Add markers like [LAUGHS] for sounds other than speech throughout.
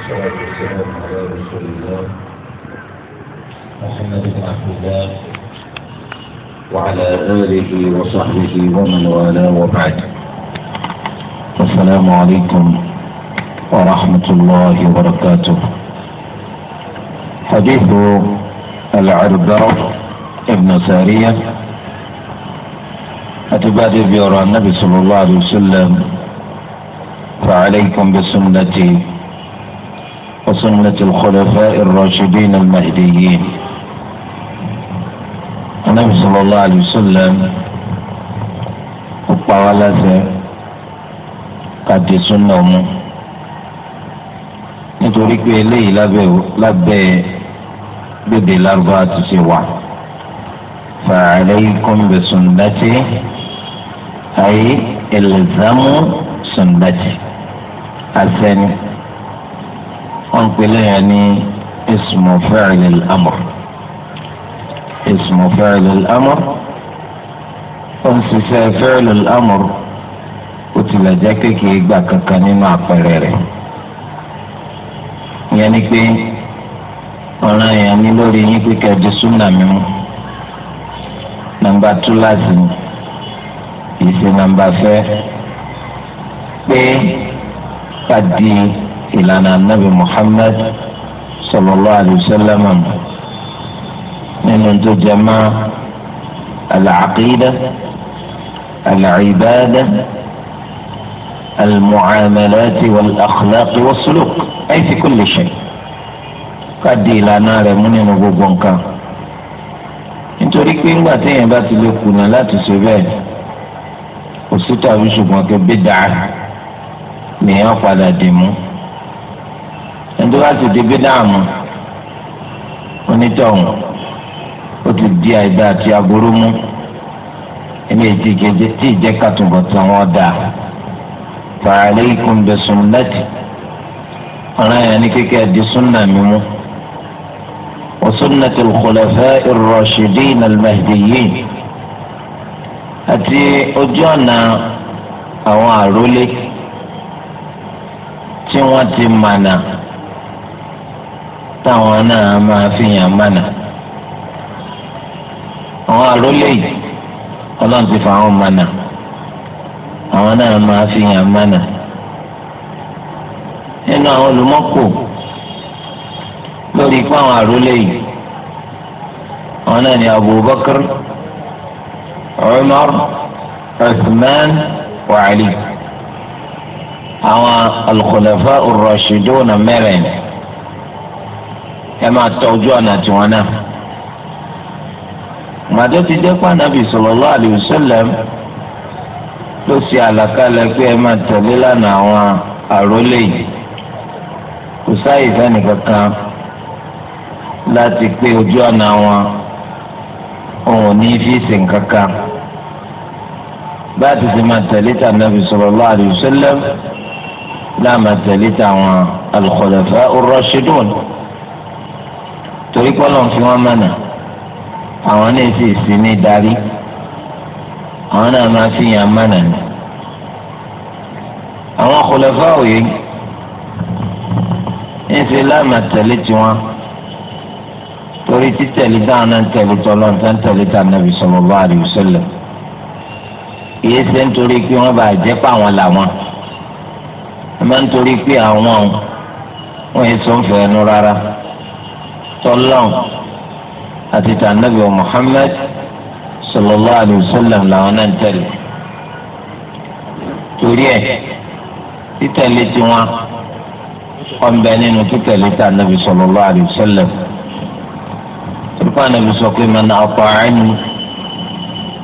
والصلاة والسلام على رسول الله محمد بن عبد الله وعلى آله وصحبه ومن والاه وبعد السلام عليكم ورحمة الله وبركاته حديث العربر ابن سارية أتبادر بيرى النبي صلى الله عليه وسلم فعليكم بسنتي وسنة الخلفاء الراشدين المهديين النبي صلى الله عليه وسلم وقال قد سنة nítorí pé eléyìí lábẹ́ gbèdé lárúbá ti ṣe wà fa'alaykum bi sunnati ay ilzamu sunnati àṣẹ ni wọ́n ń pèlè yẹn ní ismu fa'il al-amr ismu fa'il al-amr ó ń ṣiṣẹ́ fa'il al-amr ó tilẹ̀ jẹ́ kékeré gbà kankan nínú àpẹẹrẹ rẹ̀ ìyẹn ni pé ọ̀ràn yẹn ní lórí yín pé kẹjọ súnà mi nàmbà tú láti ní ìṣe nàmbà fẹ́ pé ká ìlànà anabi muhammed sallallahu alayhi wa sallam nínú tó jẹ mọ́ alàqídà alàcibàdà almucamalati wàlàkhlaqi wàsuluk ay fi kulli shay ká di ìlànà rẹ̀ mú nínú gbogbo nǹkan nítorí pé ńgbà téèyàn bá ti lè kùnà láti ṣe bẹ́ẹ̀ kò sí tàbí ṣùgbọ́n kẹ́ bí dáa padà dì mú ẹni tó bá sì débi dààmú onítọ̀hún ó ti di àìdá àti aburú mú ilé ìdíje tí ìjẹ́ kàtúbọ̀ tán wọ́n dà fa alaykum bi sunnati ọ̀ràn yẹn ní kékeré di súnà mi mú wa sunnati al-khulafa'i àti ojú ọ̀nà àwọn àrólé tí wọ́n ti mànà táwọn náà máa fi yàn mánà àwọn àrólé yìí ọlọ́run ti fà wọn mánà àwọn náà máa fi yàn mánà nínú àwọn olùmọ́pò lórí ikú àwọn àrólé yìí àwọn náà ni Abubakar Umar Uthman wa Ali àwọn al-khulafa ar-rashidun mẹ́rin ẹ máa tọ ojú ọ̀nà tiwọn náà. màdó ti dé pa nàbì sallallahu alaihi wasallam ló ṣe àlàkalẹ̀ pé ẹ máa tẹ̀lé lánàá àwọn àrólé yìí kò sáàyè sẹ́nìkankan láti pé ojú ọ̀nà wọn òun ò ní fi sìn kankan bá ti ṣe máa tẹ̀lé tà nàbì sallallahu alaihi wasallam láàmà tẹ̀lé tà àwọn al-khulafa ar-rashidun torí kọ́lọ̀ ń fi wọ́n mọ̀nà àwọn náà sì sí ní darí àwọn náà máa fi yàn mọ̀nà ni. àwọn kòlẹ́fà òye ń ṣe láàmà tẹ̀lé tiwọn torí títẹ̀lé táwọn náà ń tẹ̀lé tọ́lọ́ ń tán tẹ̀lé tà nàbì sallallahu alaihi wasallam kìí ṣe nítorí pé wọ́n bá jẹ́ pé làwọn ẹ máa ń torí pé àwọn wọn yẹn sọ ń fẹ́ ẹnu rárá tọ́lọ́n àti tànàbí Muhammad sallallahu alayhi wa sallam làwọn náà ń tẹ̀lé torí ẹ̀ títẹ̀lé tiwọn ọ̀nbẹ nínú títẹ̀lé tànàbí sallallahu alayhi wa sallam turkwa nàbí sọ pé man ata'ani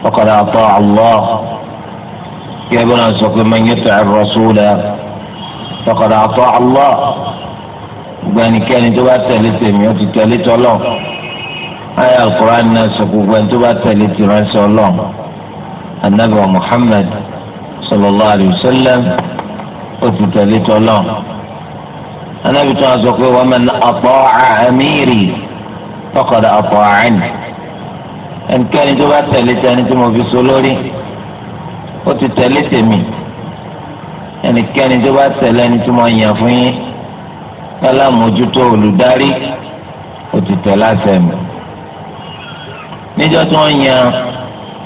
faqad ata'a Allah kí ẹ bọ́lá sọ pé man yuti'i ar-rasula faqad ata'a Allah gbogbo ẹnikẹ́ni tó bá tẹ̀lé tèmi ó ti tẹ̀lé tọ́lọ̀ ayé alukur'an náà sọ gbogbo ẹni tó bá tẹ̀lé tìránṣẹ́ ọlọ́run anabi muhammed sallallahu alayhi wa sallam ó ti tẹ̀lé tọ́lọ̀ anabi tó wá sọ pé wa man ata'a amiri faqad ata'ani ẹnikẹ́ni tó bá tẹ̀lé tẹni tí mo fi so lórí ó ti tẹ̀lé tèmi ẹnikẹ́ni tó bá tẹ̀lé ẹni tí mo yàn fún yín alámòjútó olùdarí ó ti tẹ̀ láti ẹ̀mí. níjọ́ tí wọ́n yan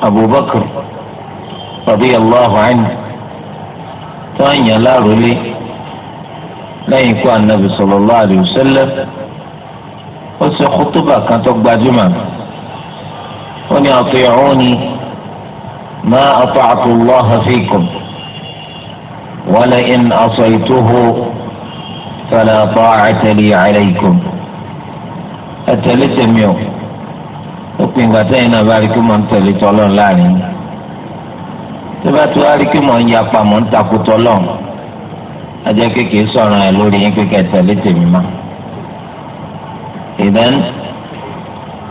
Abubakar radiyallahu anhu tí wọ́n yan lárólé lẹ́yìn ikú anabi sallallahu alayhi wa sallam ó ṣe kútúbà kan tó gbajúmọ̀ ó ní ati'uni ma ata'tu Allah fikum wa la فلا طاعة لي عليكم أتلتم يوم أقول إن باركم أن تلت الله لعنين تبات واركم أن يقع من تقوت الله أجاك كي صنع لوري إنك أتلتم ما إذن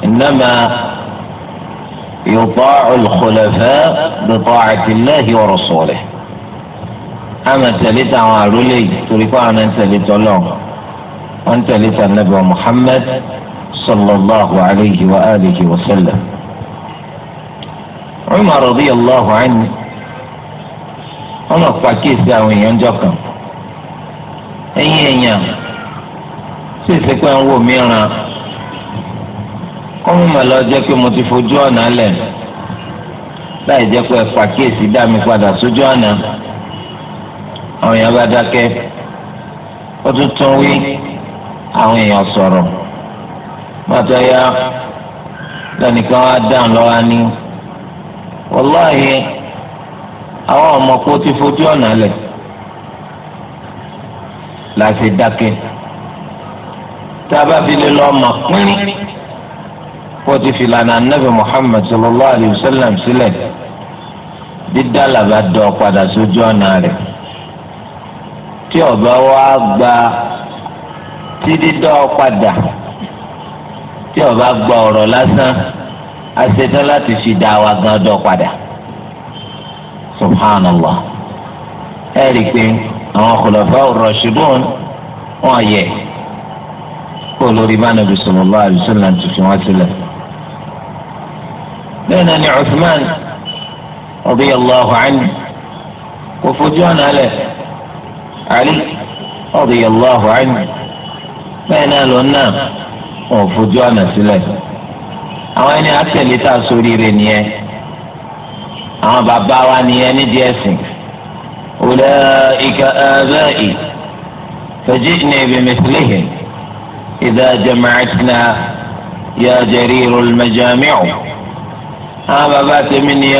إنما يطاع الخلفاء بطاعة الله ورسوله àmà tẹ̀lé táwọn àrólé torí pé àwọn ń tẹ̀lé tọ́lọ̀ wọ́n ń tẹ̀lé tànàbí Muhammad sallallahu alayhi wa alihi wa sallam. Umar radiyallahu anhu wọ́n lọ pàkíyèsí àwọn èèyàn jọ kan ẹ̀yìn èèyàn sì ṣe pé ń wò mìíràn kọ́mú màlá jẹ́ pé mo ti fojú ọ̀nà lẹ̀ láì jẹ́ pé pàkíyèsí dá mi padà sójú ọ̀nà. àwọn èèyàn bá dákẹ́ ó tún ya lẹ́nìkan wá dáhùn lọ́wọ́ á wàláhì àwọn ọmọ kó ti fojú ọ̀nà lẹ̀ láti dákẹ́ tá fi lè lọ ọmọ pínrín kó ti fi lànà Muhammad sallallahu alayhi wa sallam sílẹ̀ dídá làbá dọ̀ padà sójú ọ̀nà tí ọba wa gba tí dídọ́ padà tí ọba gba ọ̀rọ̀ lásán a ṣetán láti fi dá wa gan dọ́ padà subhanallah ẹ rí i pé àwọn khulafa ar-rashidun wọn yẹ kó lórí Ànábì sallallahu alaihi wasallam tuntun wá sílẹ̀ bẹ́ẹ̀ náà ni Uthman radiyallahu anhu kò fojú ọ̀nà lẹ̀. علي رضي الله عنه ما ينال النام وفجوانا سلاح أوين أتى لتأسوري رنية أما بابا وانية نديسن أولئك آبائي فجئني بمثلهم إذا جمعتنا يا جرير المجامع أما بابا تمني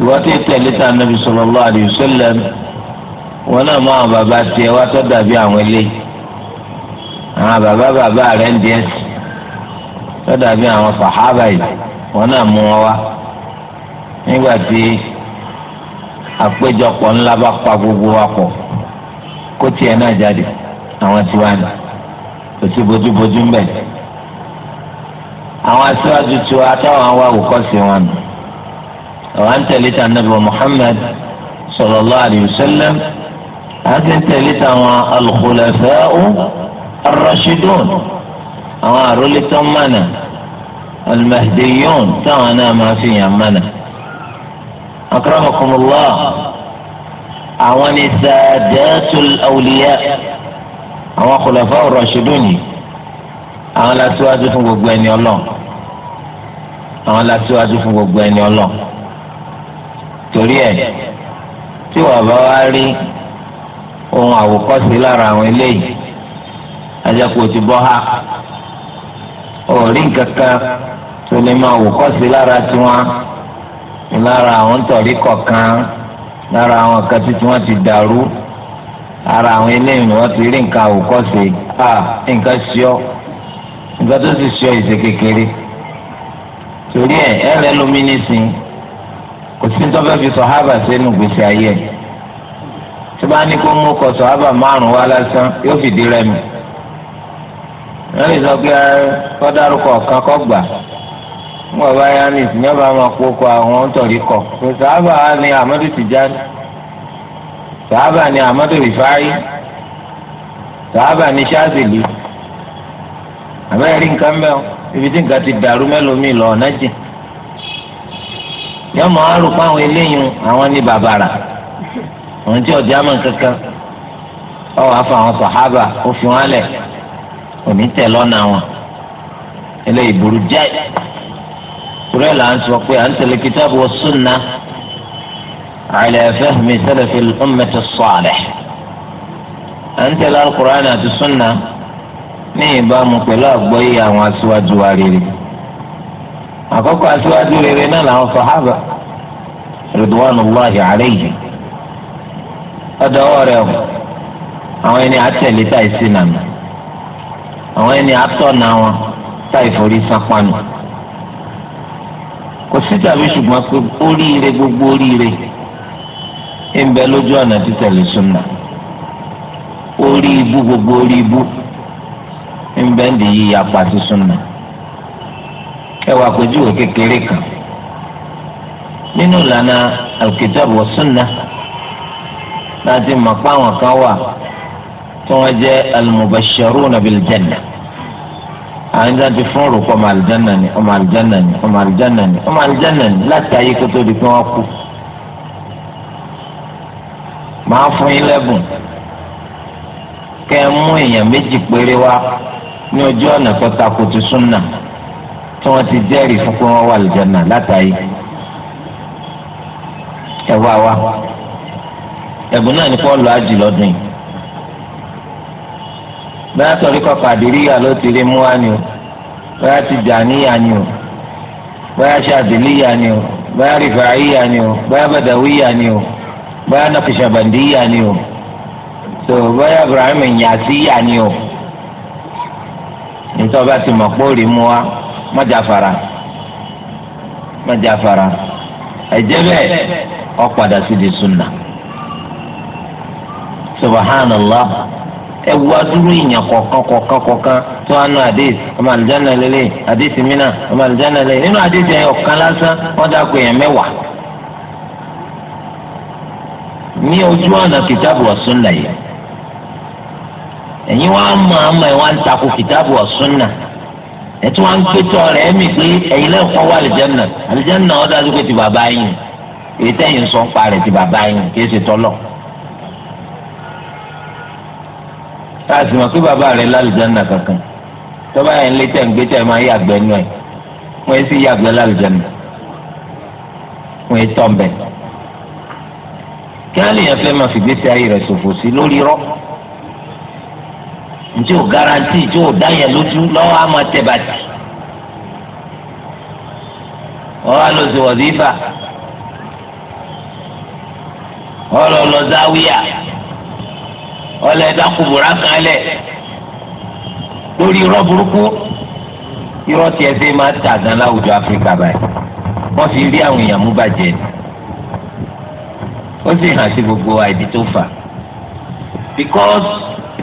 وقت وتيت النبي صلى الله عليه وسلم wọn náà mọ àwọn bàbá tiẹ̀ wá tó dàbí àwọn ilé àwọn bàbá bàbá rẹ̀ ń díẹ̀ sí tó dàbí àwọn sàhábà yìí wọn náà mú wọn wá nígbà tí àpéjọpọ̀ ńlá bá pa gbogbo wa pọ̀ kó tiẹ̀ náà jáde àwọn tiwa ni kò sí bójúbójú ń bẹ àwọn aṣáájú tiwa táwọn wá òkọ́sí wọn nù àwọn ń tẹ̀lé tàn nàbẹ̀ Muhammad sallallahu alaihi wasallam àwọn ti ń tẹ̀lé táwọn al-khulafa'u ar-rashidun àwọn àrólé tó ń mànà al-mahdiyun táwọn náà máa fi yàn mànà. akramakumullah àwọn ni sadatul awliya àwọn khulafa'u ar-rashidun yìí àwọn aláṣíwájú fún gbogbo ẹni ọlọ́run àwọn aláṣíwájú fún gbogbo ẹni ọlọ́run torí ẹ̀ tí wàá bá wá rí. ohun àwòkọ́sí lára àwọn eléyìí ajakò ti bọ́ ha òrí kankan tó lè máa wòkọ́sí lára tiwọn lára àwọn tọ̀rí kọ̀ọ̀kan lára àwọn kan tí tiwọn ti dàrú ara àwọn eléyìí wọn ti rí nǹkan àwòkọ́sí a nǹkan ṣíọ́ nǹkan tó ti ṣíọ́ ìṣe kékeré torí ẹ ẹ rẹ lómi nísìn kò sí ní tó fẹ́ fi sọ hábà sínú gbèsè ayé tó bá ní kó mú kọsọ ábà márùn wá lásán yóò fìdí rẹmi wọn lè sọ pé kọdárúkọ kan kọ gbà ńgbà báyà ní ìsìnyẹbà máa kó kọ àwọn ńtọ̀rí kọ kò sàábà ni Ahmadu Tijani sàábà ni Ahmadu Rifai sàábà ni Ṣáàzìlì àbẹ́rẹ́ nǹkan mẹ́wọ́ ibi tí nǹkan ti dàrú mẹ́lòmíì lọ ọ̀nà jìn yọmọ àrùn àwọn eléyìí àwọn ní bàbàrà. òun tí ọ̀dí àmọ̀ kankan ọ̀ wá sàhábà ó wọn lẹ̀ òní wọn eléyìí burú jáì turẹ̀ là ń sọ pé à ń tẹ̀lé kitabu wa sunna ala fahmi salafi al-ummati as-salih à ń tẹ̀lé al àti sunna ní ìbámu pẹ̀lú àwọn aṣíwájú wa rere àkọ́kọ́ ọ̀dọ̀ ọwọ́ rẹ̀ o àwọn ẹni àtẹ̀lé táì sí nànà àwọn ẹni àtọ̀nà wọn táì forí sápánù kò sí tàbí ṣùgbọ́n pé oríire gbogbo oríire ń bẹ lójú ọ̀nà títẹ̀lé súnà orí ibú gbogbo orí ibú ń bẹ ń di yíya pàtó súnà ẹ wà kan nínú ìlànà al-kitab wa sunnah láti mọ̀ pé àwọn kan wà tí wọ́n jẹ́ al-mubashsharuna bil janna àwọn jáde fún òrùkọ ọmọ àlìjáná ni ọmọ àlìjáná ni ọmọ àlìjáná ni ọmọ àlìjáná ni láti ayé kó tó di pé wọ́n kú. màá fún yín lẹ́bùn kẹ́ ẹ mú èèyàn méjì péré wá ní ojú ọ̀nà tó takò tó súnà tí wọ́n ti jẹ́rìí fún pé wọ́n wà àlìjáná láti ayé. wá wá ẹ̀bùn náà ní pọ́ọ̀lù ájì lọ́dún yìí bẹ́ẹ̀ sọ̀rí kọ́ kàdíríyà ló ti rí mú wa ni o bẹ́ẹ̀ ti jàníyà ni o bẹ́ẹ̀ ṣàdìlíyà ni o bẹ́ẹ̀ rìfàáyà ni o bẹ́ẹ̀ bàdàwíyà ni o bẹ́ẹ̀ nàkìṣàbàndíyà ni o tó bẹ́ẹ̀ Ibrahim nyàsíyà ni o nítorí bá ti mọ̀ pé mú wa mọ́jà fara mọ́jà fara ẹ̀jẹ̀ bẹ́ẹ̀ ọ̀ padà sí di sunna. subhanallah ẹ wá dúró ìyàn kọ̀ọ̀kan kọ̀ọ̀kan kọ̀ọ̀kan tó wà nù àdéhìí ọmọ àlùjáná lélẹ̀ àdéhìí mìíràn ọmọ àlùjáná lélẹ̀ nínú àdéhìí ẹ̀ ọ̀kan lásán wọ́n dàgbé yẹn mẹ́wàá. ní ojú ọ̀nà kìtàbù wa yìí ẹ̀yin àmọ́ ẹ̀ wá ń takò kìtàbù wa sunna ẹ̀ tí wọ́n ń pétọ́ rẹ̀ ẹ̀ pé ẹ̀yin wá tá a sì mọ̀ pé bàbá rẹ̀ lálùjáná kankan tọ́ba yẹn lé tẹ̀ ń gbé tẹ̀ máa yàgbẹ́ nù ẹ̀ wọ́n sì yàgbẹ́ lálùjáná wọ́n tọ́ ń bẹ̀. kí á lè yàn fẹ́ máa fi gbèsè ayé rẹ̀ ṣòfò sí lórí rọ́ ntí o garanti tí o dá yẹn lójú lọ́wọ́ á máa tẹ̀ bàtì. wọ́n á lọ sí wọ̀dífà wọ́n lọ záwíyà ọlẹ dákúbúra kalẹ̀ lórí irọ́ burúkú irọ́ tiẹ̀ ṣe máa tà gan láwùjọ áfíríkà báyìí wọ́n fi rí àwọn èèyàn mú bàjẹ́ ni ó sì hàn sí gbogbo àìdí tó fà because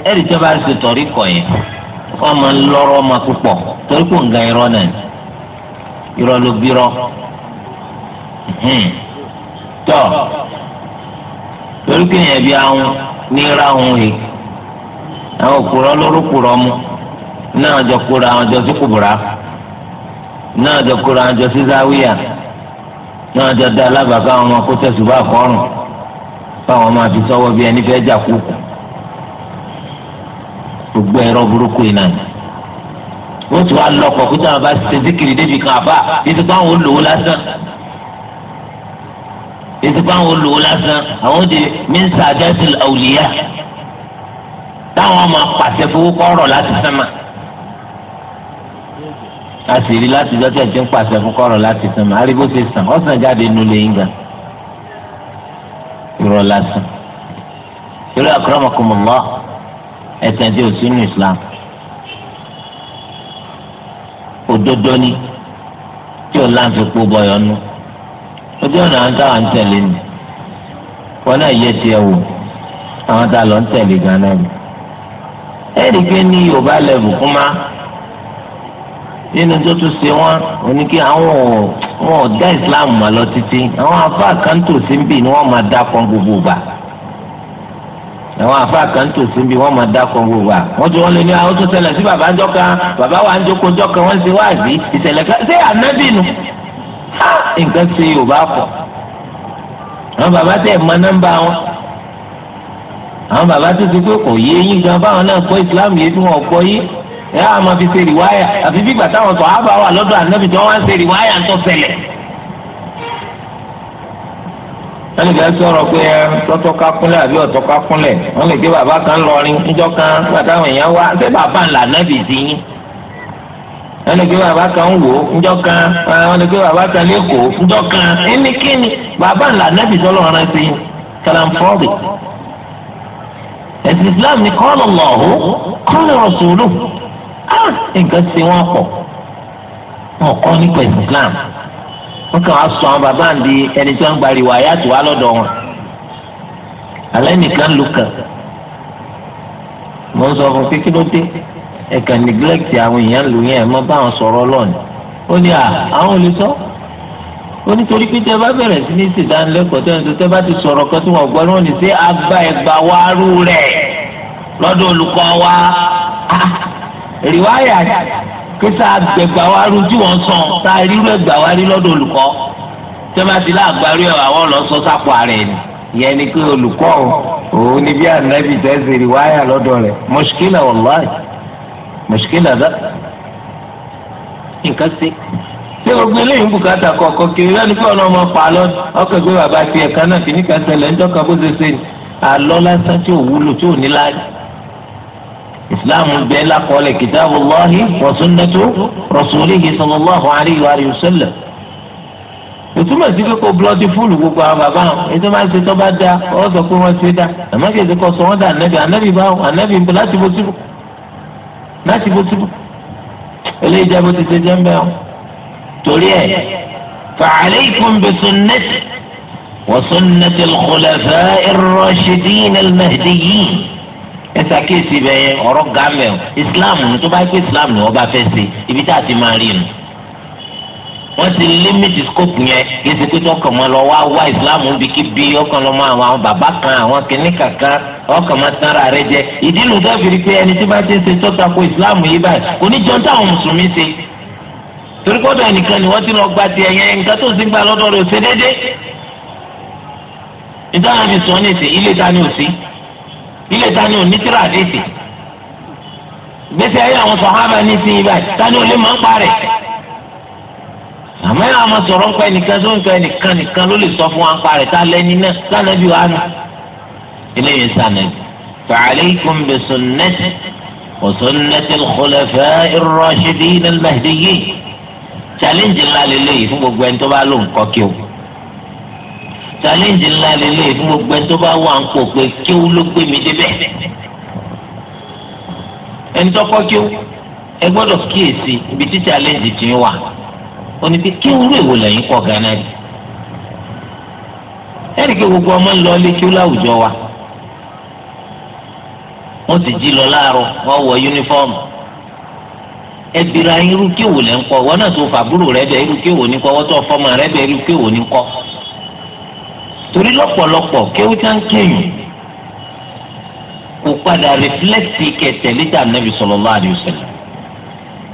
ẹ̀rì tí wọ́n bá ń ṣe tọ̀rí kọ̀ yẹn wọ́n máa ń lọ́rọ́ máa púpọ̀ torí kò ń ga irọ́ náà irọ́ ló bí tọ́ torí kò bí àwọn nira òun yìí àwọn òkúrọ lórúkúrọ mu náà jọ kóra àwọn jọ sí kùbùrà náà jọ kóra àwọn jọ sí záwíyà náà jọ da alábàáká àwọn ọmọ kó tẹsùn bá kọrùn káwọn máa fi sọ́wọ́ bí ẹni fẹ́ẹ́ jà kú gbogbo ẹ̀rọ burúkú yìí náà wọ́n ti wá lọ́kọ̀ kó tí wọ́n bá ṣe síkìrì débi kan àbá títí káwọn olówó lásán ètò báwọn olówó lásán àwọn ó di mínísítà àdẹ́sìl àwùlíyà táwọn máa pàṣẹ fowó kọ́rọ̀ láti sánmà a sì rí láti dọ́tí ẹ̀ tí ń pàṣẹ fún kọ́rọ̀ láti sánmà arígbó ti sàn ọ̀sán jáde nù lẹ́yìn gan irọ́ lásán irú akramakumullah ẹ̀sìn tí ò sínú Islam òdodo ni tí ò láǹfi kó bọyọ nù ojú ọ̀nà àwọn táwọn ń tẹ̀lé ni wọn náà yẹ tiẹ̀ wò àwọn tá a lọ ń tẹ̀lé ganan ni. ẹ̀rí pé ní yorùbá lẹ́bù kún má nínú tó tún ṣe wọn òní kí àwọn wọn ò dá islam mà lọ títí àwọn afá àkáǹtò sí ń bì ni wọ́n máa dá kan gbogbo gbà àwọn àfáà kan tó síbi wọn máa dákọ gbogbo à wọn tí wọn lè ní àwọn ah, tó ṣẹlẹ̀ sí bàbá ńjọ kan bàbá wa ń jókòó ńjọ kan wọn ń ṣe wáàzí ìṣẹ̀lẹ̀ kan ṣé ànábì nù nǹkan ṣe yorùbá pọ̀ àwọn bàbá tẹ̀ mọ nọ́mbà wọn àwọn bàbá tó ti pé kò yé yín gan báwọn náà gbọ́ ìsìláàmù yé tí wọ́n gbọ́ yé ẹ á máa fi ṣe rìwáyà àfi bí gbàtà wọn sọ ábà wà lọ́dọ̀ ànábì tí wọ́n wá ń ṣe rìwáyà ń tọ́ ṣẹlẹ̀. wọ́n lè fẹ́ sọ̀rọ̀ pé ẹ tọ́tọ́ ká kúnlẹ̀ àbí ọ̀tọ́ ká kúnlẹ̀ wọ́n lè gbé bàbá kan lọrin níjọ́ kan gbàtà wọn èèyàn wá ṣé bàbá ńlá ànábì sí yín wọ́n ní kí bàbá kan ń wò ó ńjọ́ kan wọ́n ní kí bàbá kan lẹ́kọ̀ọ́ ńjọ́ kan ẹni kíni bàbá ńlá nẹ́bí tọ́lọ̀ rán sí kàlàǹfọ́ọ̀dì. ẹ̀sìn Islam ni kọ́ọ̀lù lọ́hùn kọ́ọ̀lù rọ̀ṣùlù nǹkan ti wọ́n pọ̀ wọn kọ́ nípa ẹ̀sìn Islam wọ́n kàn wá sọ àwọn bàbá ń di ẹni tó ń gba ìwà ayáàtò wá lọ́dọ̀ wọn. alẹ́ nìkan lù kàn mọ́ sọ fún kékeré ẹ̀ka neglect àwọn èèyàn lò yẹn ẹ̀ mọ́ báwọn sọ̀rọ̀ lọ́nà ó ní à àwọn olè sọ ó nítorí pé tẹ bá bẹ̀rẹ̀ sí ní ìsìdánilẹ́kọ̀ọ́ tẹ́ tẹ bá ti sọ̀rọ̀ kan tí wọ́n gbọ́ lọ́wọ́ sí agbá ẹgbà wa rú rẹ̀ lọ́dọ̀ olùkọ́ wa ah, rìwáyà kí sáà gbẹgbà wa rú tí wọ́n sàn sáà rírú ẹgbà wa rí lọ́dọ̀ olùkọ́ tẹ́lá ti láàgbárí ọ̀ àwọn ọlọ́sọ sápò ààrẹ ni ìyẹn ni pé olùkọ́ òun ni bí ànábì tẹ́sí rí lọ́dọ̀ rẹ̀ mọ́ṣíkìlà wọ̀láì mùsùkìlà dá nǹkan sí ṣé gbogbo eléyìí ń bùkátà kọ̀ọ̀kan kiri ẹni pé ọ̀nà ọmọ pa lọ ọkọ̀ ìgbé bàbá ti ẹ̀ka náà kìíní kan ṣẹlẹ̀ ń dọ́ka bó ṣe ṣe ni àlọ́ lásán tí ò wúlò tí ò ní láàyè ìsìláàmù bẹ́ẹ̀ lákọọ́lẹ̀ kitabullahi wa sunnatu rasulihi sallallahu alayhi wa sallam ìtumọ̀ sí pé kò blọ́dì fúlù gbogbo àwọn bàbá wọn ètò máa ń ṣe tó bá da ọ sọ pé wọ́n ṣe dá àmọ́ kì í ṣe kó sọ wọ́n dá ànábì ànábì báwọn má ṣubúṣubú eléyìí jẹ́ bó ti ṣe jẹ́ ń bẹ́ẹ̀ o torí ẹ̀ fa'alaykum bi sunnati wa sunnati al-khulafa'i ar-rashidin al-mahdiyyin ẹ ṣàkíyèsí bẹ́ẹ̀ yẹn ọ̀rọ̀ gàmẹ̀ o islam ni tó bá pé islam ni wọ́n bá fẹ́ ṣe ibi tá a ti máa rí nu wọ́n ti límìtì scope yẹn kí ẹ ṣe pé tọkàn mọ́ lọ wá wá islam bí ọkàn lọ́mọ àwọn bàbá kan àwọn kìnnìkan ọkàn máa tán ara rẹ jẹ ìdí nu dábìrì pé ẹni tí bá ti ń ṣe tọ́ta ko ìsìláàmù yìí báyìí kò táwọn mùsùlùmí ṣe torí gbọ́dọ̀ ni wọ́n ti lọ gba tiẹ̀ yẹn nǹkan tó ń sin gba lọ́dọ̀ rẹ̀ ṣe déédé sọ ilé ta ni ò sí ilé ta ni ò ní tíra àdéhìí gbèsè ayé àwọn sọ̀hábà ní ìsìn ibà ta ò pa sọ fún wa ń parẹ̀ lẹ́ni eléyìí sànàbì fa'alaykum bi sunnati wa sunnati al-khulafa'i ar-rashidin al-mahdiyyin challenge ńlá lélẹ́yìí fún gbogbo ẹni tó bá lò ń kọ́ kí o challenge ńlá lélẹ́yìí fún gbogbo ẹni tó bá wà ń pò pé kí o ló gbé mi débẹ̀ ẹni tó kọ́ kí o ẹ gbọ́dọ̀ kíyèsí ibi tí challenge ti ń wà òní bí kí irú èwo lẹ́yìn kọ́ gánà rí ẹ̀rí kí gbogbo ọmọ ń lọ ilé kí ó láwùjọ wa wọ́n ti jí lọ láàárọ̀ wọ́n wọ yúnífọ́ọ̀mù ẹbìrà irú kéwò lẹ́ ń kọ́ wọ́n náà tó fàbúrò rẹ bẹ́ẹ̀ irú ní kọ́ wọ́n tó fọ́mọ rẹ ní kọ́ torí lọ́pọ̀lọpọ̀ kéwù tá ń kéyìn kò padà rìflẹ́kìtì nàbì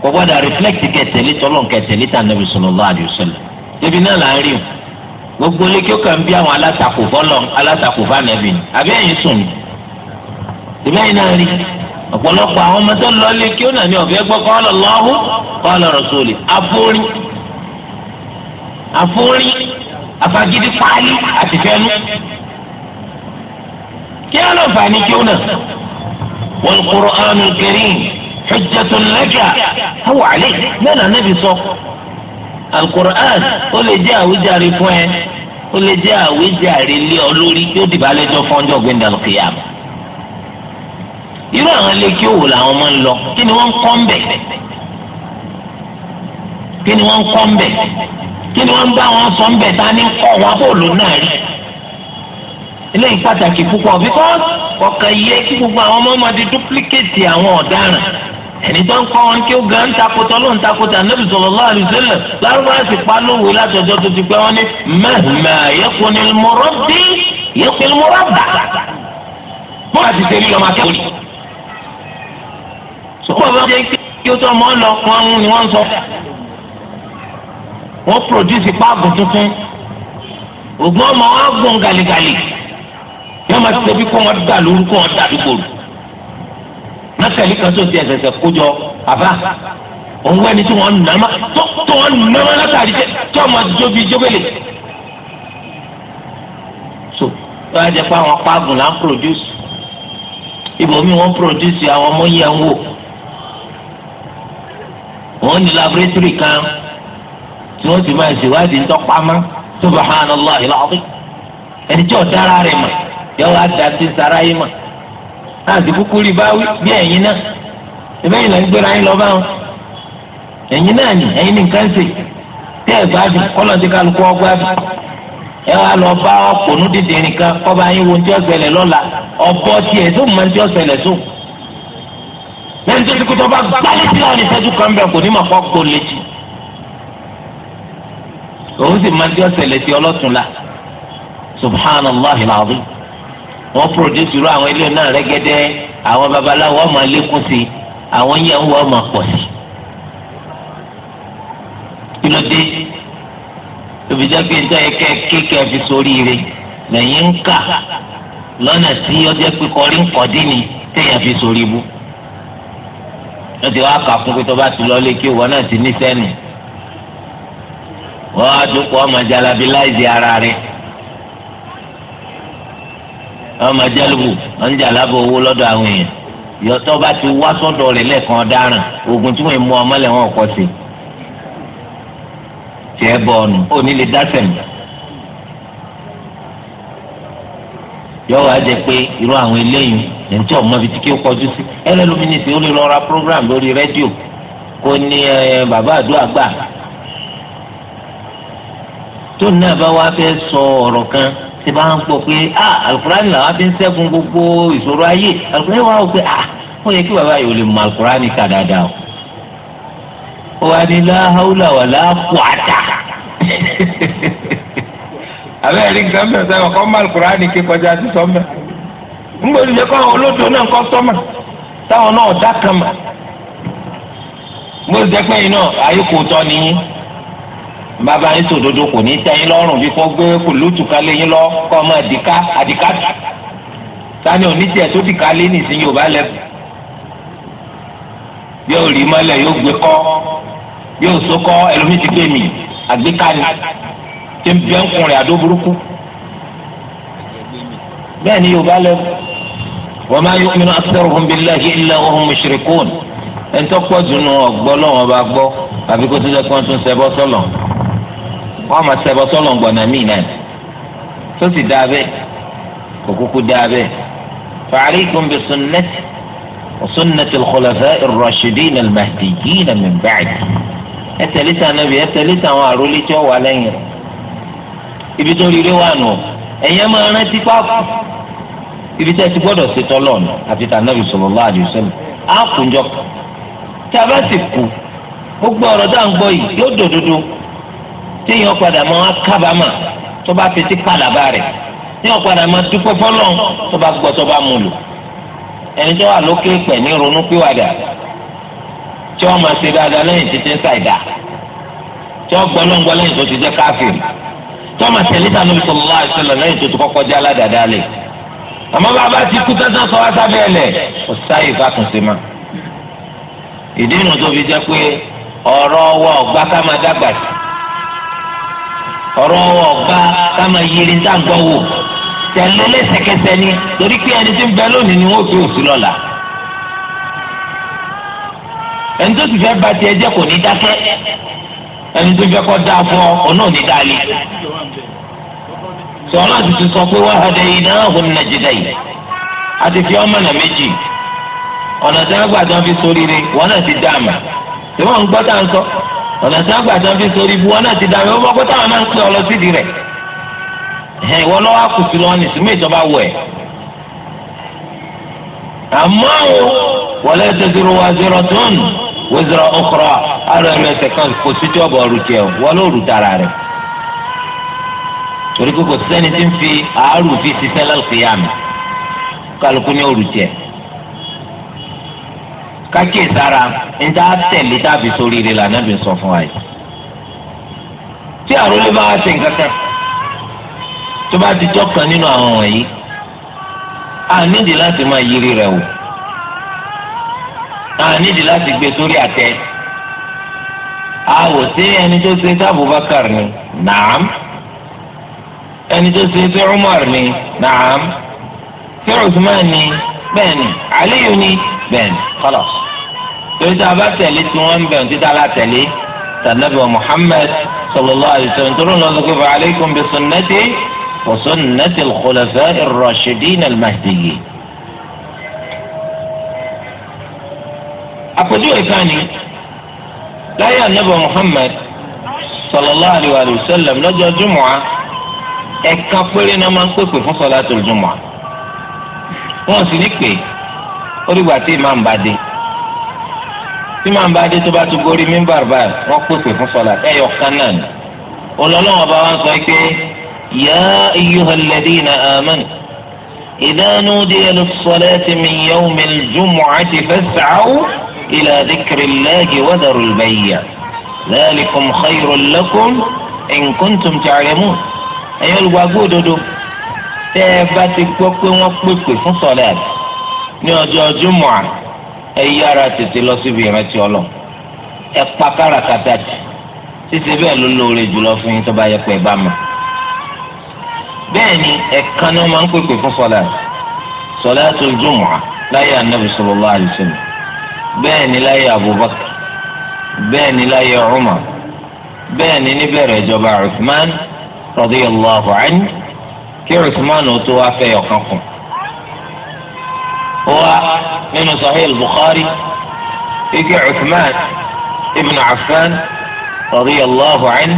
kò padà rìflẹ́kìtì nàbì náà là ń rí o gbogbo kí ó kàn bí àwọn alátakò fọlọ́ ìbáyìí náà rí ọ̀pọ̀lọpọ̀ àwọn ọmọ tó lọ lé kí ó nà ní ọ̀fẹ́ gbọ́ qala Allahu qala rasuli àforí àforí àfagídí pálí àtìfẹ́nu kí á lọ fà ní kí ó nà wal Qur'anul Karim hujjatun laka aw alayk lẹ́nà níbi sọ alukur'an ó lè jẹ́ àwíjàre fún ẹ ó lè jẹ́ àwíjàre lé ọ lórí yóò dìbò alẹ́jọ́ fún ọjọ́ gbẹ̀ndàlùkìyàmù irú àwọn ilé kí òwò làwọn máa ń lọ kí ni wọ́n ń kọ́ ń bẹ̀ kí ni wọ́n ń kọ́ ń bẹ̀ kí ni wọ́n ń bá wọn sọ ń bẹ̀ tá a ní kọ́ wọn kó lò náà rí eléyìí pàtàkì púpọ̀ because ọ̀kan yẹ kí gbogbo àwọn ọmọ ọmọdé duplicate àwọn ọ̀daràn ẹni tó ń kọ́ wọn kí ó gan takotọ́ ló ń takotọ́ anabi sallallahu alaihi wasallam lárúbáwá sì pa lówó látọjọ́ tó ti pẹ́ wọn ní mahma yakunil murabbi yakunil murabba bó a ti ṣe rí lọ́mọ akẹ́kọ̀ọ́ wọ́n bá jẹ́ kí ó tó ọmọ lọ wọn ń ni wọ́n ń sọ. wọ́n pòdúsì páàgù tuntun ògùn ọmọ wọn gùn gàlígàlí yóò máa tẹ̀bi kó wọn dà lóru kó wọn dà dúgbò lù. mẹ́tẹ̀lì kan tó ti ẹ̀sẹ̀sẹ̀ kójọ àbá òun wẹ́ni tí wọ́n nàmá tó wọ́n nàmá látàrí tó ọmọ jóbi jóbélé. so tó yà jẹ́ pé àwọn páàgù là ń pòdúsì ibòmí wọ́n pòdúsì àwọn ọmọ yẹn ń wò. wọn ní laboratory kan tí wọ́n ti máa ṣèwádìí ńtọ́pamọ́ subhanallah ìlọ́ọ̀bí ẹni tí ọ̀dára rẹ̀ mọ̀ yóò wá da sí saráyé mọ̀ láti kúkú rí báwí bí ẹ̀yin náà ìbẹ́yìn lẹ́nu gbéra yín lọ bá wọn ẹ̀yin náà ni ẹ̀yin ní nǹkan ṣe tí ẹ̀ gbádùn kọ́lọ̀ ti kálukú ọgbádùn ẹ wá lọ bá ọkùnrin dídìrín kan kọ́ bá yín wo ní tí ọ̀sẹ̀ lẹ̀ lọ́la ẹni tó ti kú tó bá gbálẹ̀ sí láàrin ìtọ́jú kan bẹ̀ kò ní mà kọ́ kó létí òun sì máa di ọ̀sẹ̀ létí ọlọ́tún la subhanallah alazim wọ́n produce irú àwọn ilé náà rẹ́gẹ́dẹ́ àwọn babaláwo ọmọ alẹ́kùn sí àwọn yẹn ń wọ ọmọ pọ̀ sí kí ló dé tóbi jẹ́ pé njẹ́ ẹ̀kẹ́ kéèké fi sórí ire lẹ́yìn ń kà lọ́nà tí ọjọ́ pé kọrí ń kọ́ dín ní téèyàn fi sórí bú wọ́n ti wá kà fún pé tó bá ti lọ́lé kí wọ́n náà ti ní sẹ́nu wọ́n á dúpọ̀ ọmọ jalabi láìsí ara rẹ̀ ọmọ jálùbù wọ́n ń owó lọ́dọ̀ àwọn èèyàn yọtọ́ bá ti wá sọ́dọ̀ rẹ̀ lẹ́ẹ̀kan ọ̀daràn oògùn tí wọ́n mú ọmọ lẹ́wọ̀n ọ̀pọ̀ sí tiẹ̀ bọ̀ ọ̀nù ó ní lè dá sẹ̀mí. yọ wá jẹ pé irú àwọn eléyìí ẹnití ọmọ bíi tí kí ó kọjú sí ẹlẹ́lómínísì ó lè lọ ra program lórí rédíò kó ní bàbá àdúrà gbà tó náà bá wá fẹ́ sọ ọ̀rọ̀ kan tí bá ń gbọ́ pé ah alukurani làwọn fi ń ṣẹ́gun gbogbo ìṣòro ayé alukurani wà ó pé ah ó yẹ kí bàbá yìí ò lè mọ alukurani kà dáadáa o ó wá ní láhàúlà wà láàpọ̀ àtà àbẹ ẹrí nǹkan mẹ sẹ ọkọ mbà Kùránì ké kọjá sí sọmọ ńgbòdì jẹ káwọn olódò náà kọ sọmọ táwọn náà dá kan mà ńgbòdì jẹ pé yìí náà ayé kò tọ nìyí bàbá yín sòdodo kò ní tẹ́yìn lọ́rùn bí kò gbé kò lótú kálé yín lọ kọ ọmọ àdìká àdìká sani oníṣẹ tó ti kálé nìsín yóò bá lẹbù yóò rí mọ́lẹ̀ yóò gbé kọ yóò sókọ ẹlòmíì gbé mi àgbékalẹ̀ tí ń bí ẹnkùnrin àdó burúkú bẹ́ẹ̀ ni yorùbá lẹ́nu wọ́n máa yọ mìíràn akitẹ́rùhùn bíi lẹ́yìn ilẹ̀ ọ̀hún mùsùlùkùn ẹ̀ ń tọ́pọ̀ dùnú ọ̀gbọ́ lọ́wọ́ bá gbọ́ àbí kó tó jẹ́ kí wọ́n tún ṣẹbọ sọ́lọ̀ wọ́n máa ṣẹbọ sọ́lọ̀ gbọ̀nà míì náà tó sì dáa bẹ́ẹ̀ kò kúkú dáa bẹ́ẹ̀ fàáríkùn bí sunnẹ́tì sunnẹ́tì lọ́kọ̀lẹ́fẹ́ ìrọ̀ṣìdín al-mahdiyin min ba'di ẹ̀ tẹ̀lé tẹ̀lé tàn ibi tó rí rí wà nù ẹ̀yẹ́ máa ibi tẹ́ ti gbọ́dọ̀ ṣe àti a bá sì gbogbo ọ̀rọ̀ tá à ń gbọ́ yìí yóò dòdodo tí èèyàn padà máa kábàámà tó bá fetí padà bá rẹ̀ tí èèyàn padà máa dúpẹ́ fọ́lọ́n tó bá gbọ́ tó bá mú lò ẹni tó wà lókè pẹ̀ ní ronú pìwàdà tí wọ́n máa ṣe dáadáa lẹ́yìn títí ń ṣàìdá tí wọ́n gbọ́ lọ́ngbọ́ lẹ́yìn tọ́mà tẹ̀lé ta lóbi sọ̀rọ̀ láì sọ̀rọ̀ lẹ́yìn tó ti kọ́kọ́ jẹ́ aládàáda lẹ̀ àmọ́ bàbá ti kú tẹ́tàn sọ wá sábẹ́ ẹ̀lẹ̀ kò sáyè fàtúnṣe mà ìdí inú tó fi jẹ́ pé ọ̀rọ̀ ọwọ́ ọ̀gbá ká máa dàgbà sí ọ̀rọ̀ ọwọ́ ọ̀gbá ká máa yiri ń dàgbọ́ wò tẹ̀lé lẹ́sẹ̀kẹsẹ̀ ni torí pé ẹni tí ń bẹ lónìí ni wọ́n fi òsì lọ́la ẹni tó sì fẹ́ ẹni tó fẹ́ kọ́ dáa fún ọ ọ náà ní dáa lé ti sọ pé wàhálà yìí náà hùn nàjìdá yìí fi ọmọ nà méjì ọ̀nà tí wọ́n gbà tí fi wọ́n náà ti dá àmà tí wọ́n ń gbọ́ tá à ń sọ ọ̀nà tí wọ́n gbà fi sórí ibu wọ́n náà ti dá àmà wọ́n kó táwọn máa ń pè ọ lọ sídìí rẹ̀ ẹ̀hìn ìwọ lọ́wọ́ lọ́wọ́ ìjọba wọ̀ ẹ̀ àmọ́ wọlé wizra okra ara ẹnu ẹsẹ̀ kan kò sí tí ọ̀bọ̀ ọ̀rùjẹ wọn ló rù dára rẹ̀ torí kò sẹ́ni tí ń fi àárù fi ṣiṣẹ́ lálùkìyàmù kálukú ní òrùjẹ kákìí sára níta tẹ̀lé tàbí sórí rẹ̀ lànà bí sọ fún wa yìí tí àròlé bá ṣe nǹkan tó bá ti jọ́ kan nínú àwọn wọ̀nyí a láti máa yiri rẹ̀ wò. àwọn nídìí láti gbé sórí àtẹ àwò sí ẹni tó ṣe sí Abubakar ni naam ẹni tó ṣe sí Umar ni naam sí Usman ni bẹ́ẹ̀ ni Aliyu ni bẹ́ẹ̀ ni kọ́lọ̀ torí tá a bá tẹ̀lé tí wọ́n ń bẹ̀ ní títà látẹ̀lé tànàbẹ̀ Muhammad sallallahu alaihi sallam tó lọ́nà lọ́sọ̀kẹ́ fún aleikum bi sunnati wa sunnati al-khulafa'i ar-rashidin al-mahdiyyin. àpèjúwe kan ni láyé anabi muhammed sallallahu alayhi wa sallam lọ́jọ́ jùmọ̀á ẹ̀ka péré náà máa ń pèpè fún salatul jùmọ̀á wọ́n sì ní pè orígbà tí imam bá dé tí imam bá dé tó bá tún gorí mímbàr báyìí wọ́n pèpè fún sọlá ẹ̀yọ kan ni olólùwọ̀n bá wọn sọ pé yá ayyuhal ladina amanu idha nudiya lis-salati min yawmil jumu'ati fas'aw. إلى ذكر الله وذروا البيع ذلكم خير لكم إن كنتم تعلمون أيها الوجود تابت وقوي وقوي في صلاة نيوجو جمعة ẹyára tètè lọ síbi ìrántí ọlọ ẹ pa káràkátà jù títí bẹ́ẹ̀ ló lóore jùlọ fún yín tó bá yẹ pé ẹ bá mọ̀ bẹ́ẹ̀ ni ẹ̀kan ni wọ́n máa ń pèpè fún sọlá sọlá tó jùmọ̀ láyé ànábì sallallahu alaihi wasallam bẹ́ẹ̀ ni láyé Abubakar bẹ́ẹ̀ ni láyé Umar bẹ́ẹ̀ ni níbẹ̀rẹ̀ ìjọba Uthman radiyallahu anhu kí Uthman ó tó wá fẹ́ ọ̀kan kù. ó wá nínú Sahih al-Bukhari igi Uthman ibn Affan radiyallahu anhu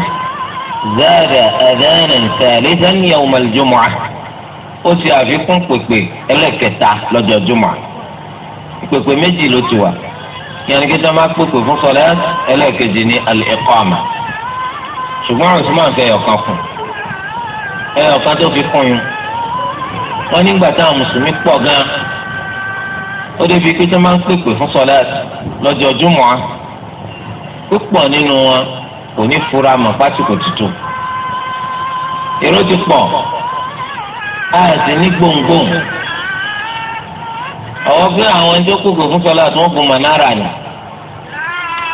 zaada adhanan thalithan yawm al-jumu'ah ó ti àfikún pèpè ẹlẹ́kẹta lọ́jọ́ jumu'ah ìpèpè méjì ló ti wà yẹn kí sọ́mà pèpè fún sọ́lá ẹlẹ́ẹ̀kejì ní al-iqama ṣùgbọ́n Usman fẹ́ ọ̀kan fún ẹ ọ̀kan tó fi kún yín wọ́n nígbà táwọn mùsùlùmí pọ̀ gan ó débi pé sọ́mà pèpè fún sọ́lá lọ́jọ́ júmọ́ púpọ̀ nínú wọn kò ní fura mọ́ pásítọ̀ tuntun èrò ti pọ̀ a sì ní gbòǹgbòǹ àwọn bí àwọn ẹni tó kókò fún sọlá tí wọ́n gun manara ni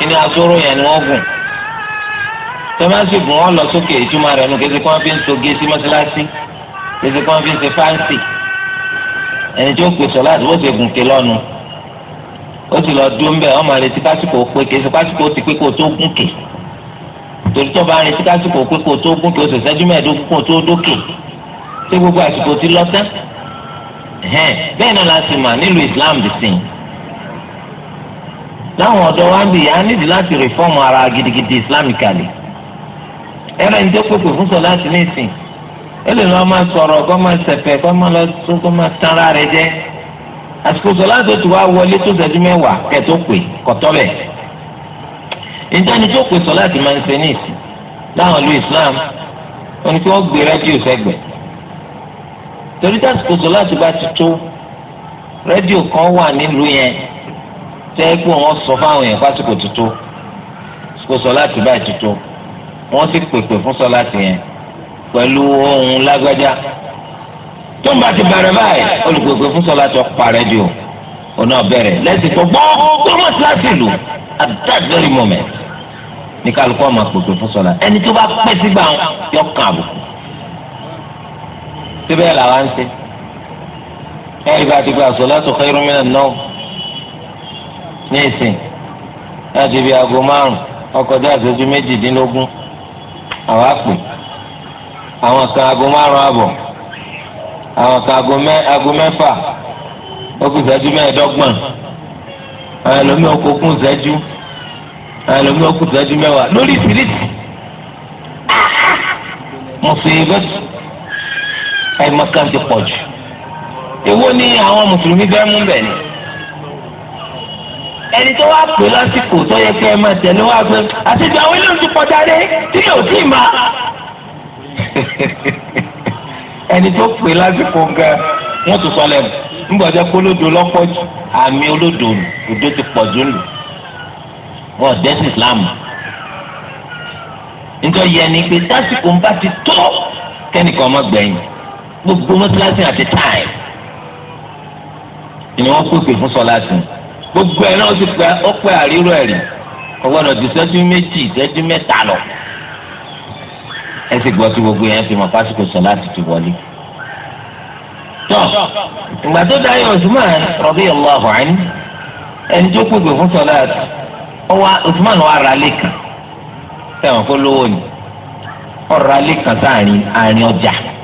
ìní asóró yẹn ni wọ́n gùn tọ́másì gùn wọ́n lọ sókè ìtumọ̀ rẹ̀ nù kéde kí wọ́n fi ń soge sí mọ́sálásí kéde kí wọ́n fi ń ṣe fáǹsì ẹni tí ó pè sọlá tí wọ́n ṣe gùn ké lọ́nu ó sì lọ dúró ń bẹ̀ ọmọ rẹ̀ ti kásìkò pé kéde kásìkò ti pé kó tó gùn ké torí tó bá ń retí kásìkò pé kó tó gùn kí oṣù sẹ́jú mẹ́ẹ̀ẹ́dógún kó tó dókè tí gbogbo àsìkò ti lọ tán bẹ́ẹ̀ náà láti mà nílùú Islam dì sí láwọn ọ̀dọ́ wa ń bì yá nídi láti rìfọ́ọ̀mù ara gidigidi islamically ẹ̀rọ ń dẹ́kọ̀ọ́kọ̀ fún sọ láti ní ìsìn ó lè lọ́ọ́ máa sọ̀rọ̀ kọ́ máa sẹ̀pẹ̀ kọ́ máa lọ tún kọ́ máa tán ara rẹ jẹ́ àsìkò sọ láti oṣù wa wọlé tó ṣẹ́jú mẹ́wàá kẹ́ tó pè kọ́tọ́ bẹ̀. ìjẹ́ni tó pè sọ láti máa ń ṣe ní ìsìn láwọn ìlú Islam ó ní kí wọ́n gbé rẹ́díò sẹ́gbẹ̀ẹ́ torí tásìkò sọláàtì bá ti tó rédíò kan wà nílùú yẹn tẹ́ pé wọ́n sọ fáwọn èèyàn fásìkò ti tó sìkò sọláàtì bá ti tó wọ́n sì pèpè fún sọláàtì yẹn pẹ̀lú ohun lágbájá tó ń bá ti bẹ̀rẹ̀ báyìí olùpèpè fún sọláàtì ọ̀pá rédíò ọ̀nà ọ̀bẹ̀rẹ̀ lẹ́sìn tó gbọ́ tó mọ̀ síláàtì lù at that very moment ní kálukọ́ ọmọ pèpè fún sọláàtì ẹni tó bá pẹ́ sígbà yọ kàn àbùkù síbẹ̀ làwa ń ṣe ẹ̀yìn bá ti gba sọ̀látù khairun minan nawm ní ìsìn láti ibi aago márùn ọkọjá àṣẹjú méjìdínlógún àwa pè àwọn kan aago márùn àbọ̀ àwọn kan aago mẹ́fà ó kù ìṣẹ́jú mẹ́ẹ̀ẹ́dọ́gbọ̀n àwọn ẹlòmíì ó kó kún ìṣẹ́jú àwọn ẹlòmíì ó kù ìṣẹ́jú mẹ́wàá lórí ìṣiríṣi mùsùlùmí bẹ́ẹ̀ àìmọ̀kan ti pọ̀ jù èwo ni àwọn mùsùlùmí fẹ́ mú bẹ̀ ni ẹni tó wá pè lásìkò tó yẹ kẹ́ ẹ máa tẹ̀lé wá pé àtijọ́ àwọn ilé òtún kọjá dé tí yóò tí ì má [LAUGHS] ẹni tó pè lásìkò gan wọ́n tún sọ lẹ́nu nígbà tó kó lódò lọ́pọ̀ jù àmì olódò òdò ti pọ̀ jù lù wọ́n dẹ́sí Islam nítorí ẹni pé tásìkò ń bá ti tó kẹ́nìkan ọmọ gbẹ̀yìn gbogbo mọ́sálásí àti táìm ni wọ́n pèpè fún sọ́láṣí gbogbo ẹ̀ náà ó sì pẹ́ ó pẹ́ àrírò ẹ̀rí ọgbọ́dọ̀ ju ìṣẹ́jú méjì ìṣẹ́jú mẹ́ta lọ ẹ sì gbọ́ sí gbogbo yẹn fi mọ̀ pásítọ̀ sọ́láṣí ti wọlé tọ́ ìgbà tó dá Osman, Usman radiyallahu anhu ẹni tó pèpè fún sọ́láṣí ọwọ́ Usman wà ra lẹ́kàn sẹ́wọ̀n kó lówó ni ọ̀rọ̀ alẹ́ kan sáàrin àárín ọjà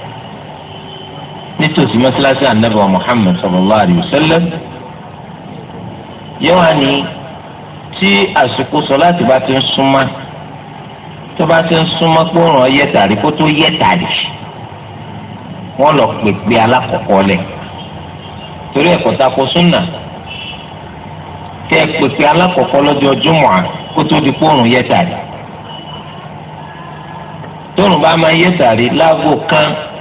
nítòsí mọ́sálásí ànábì wa Muhammad sallallahu alayhi wa sallam yóò wá ní tí àsìkò sọ̀láàtì bá ti ń súnmọ́ tó bá ti ń súnmọ́ pé òrùn ọyẹ tàrí kó tó yẹ tàrí wọ́n lọ pèpè alákọ̀ọ́kọ́ lẹ̀ torí ẹ̀kọ́ tako súnà kẹ́ ẹ pèpè alákọ̀ọ́kọ́ lọ́jọ́ júmọ̀á kó tó di pé òrùn yẹ bá máa yẹ tàrí kan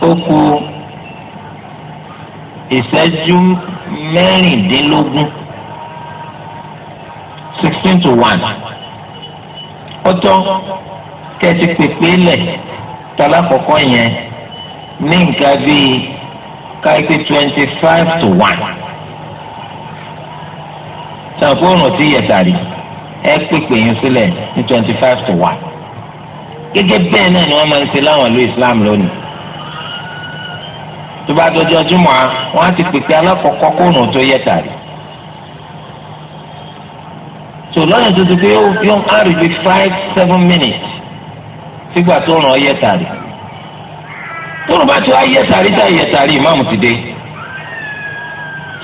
ó kù ìṣẹ́jú mẹ́rìndínlógún sixteen to one ó tọ́ kẹ́tí pèpè lẹ̀ tọ́lá kọ̀ọ̀kan yẹn ní nǹkan bíi káyipé twenty five to one sàǹfóònù tí yẹ sàrí ẹ pèpè yín sílẹ̀ ní twenty five to one gẹ́gẹ́ bẹ́ẹ̀ náà ni wọ́n máa ń ṣe láwọn ìlú Islam lónìí tó bá dọjọ́ júmọ̀ á wọ́n á ti pèpè aláfọ̀kọ́ kóònù tó yẹ tàrí. tó lọ́nà tó ti pé ó fi hàn á rí five seven minutes sígbà tó ràn ọ́ yẹ tàrí. tóun bá ti wá yẹ tàrí tá yẹ tàrí ìmáàmù ti dé.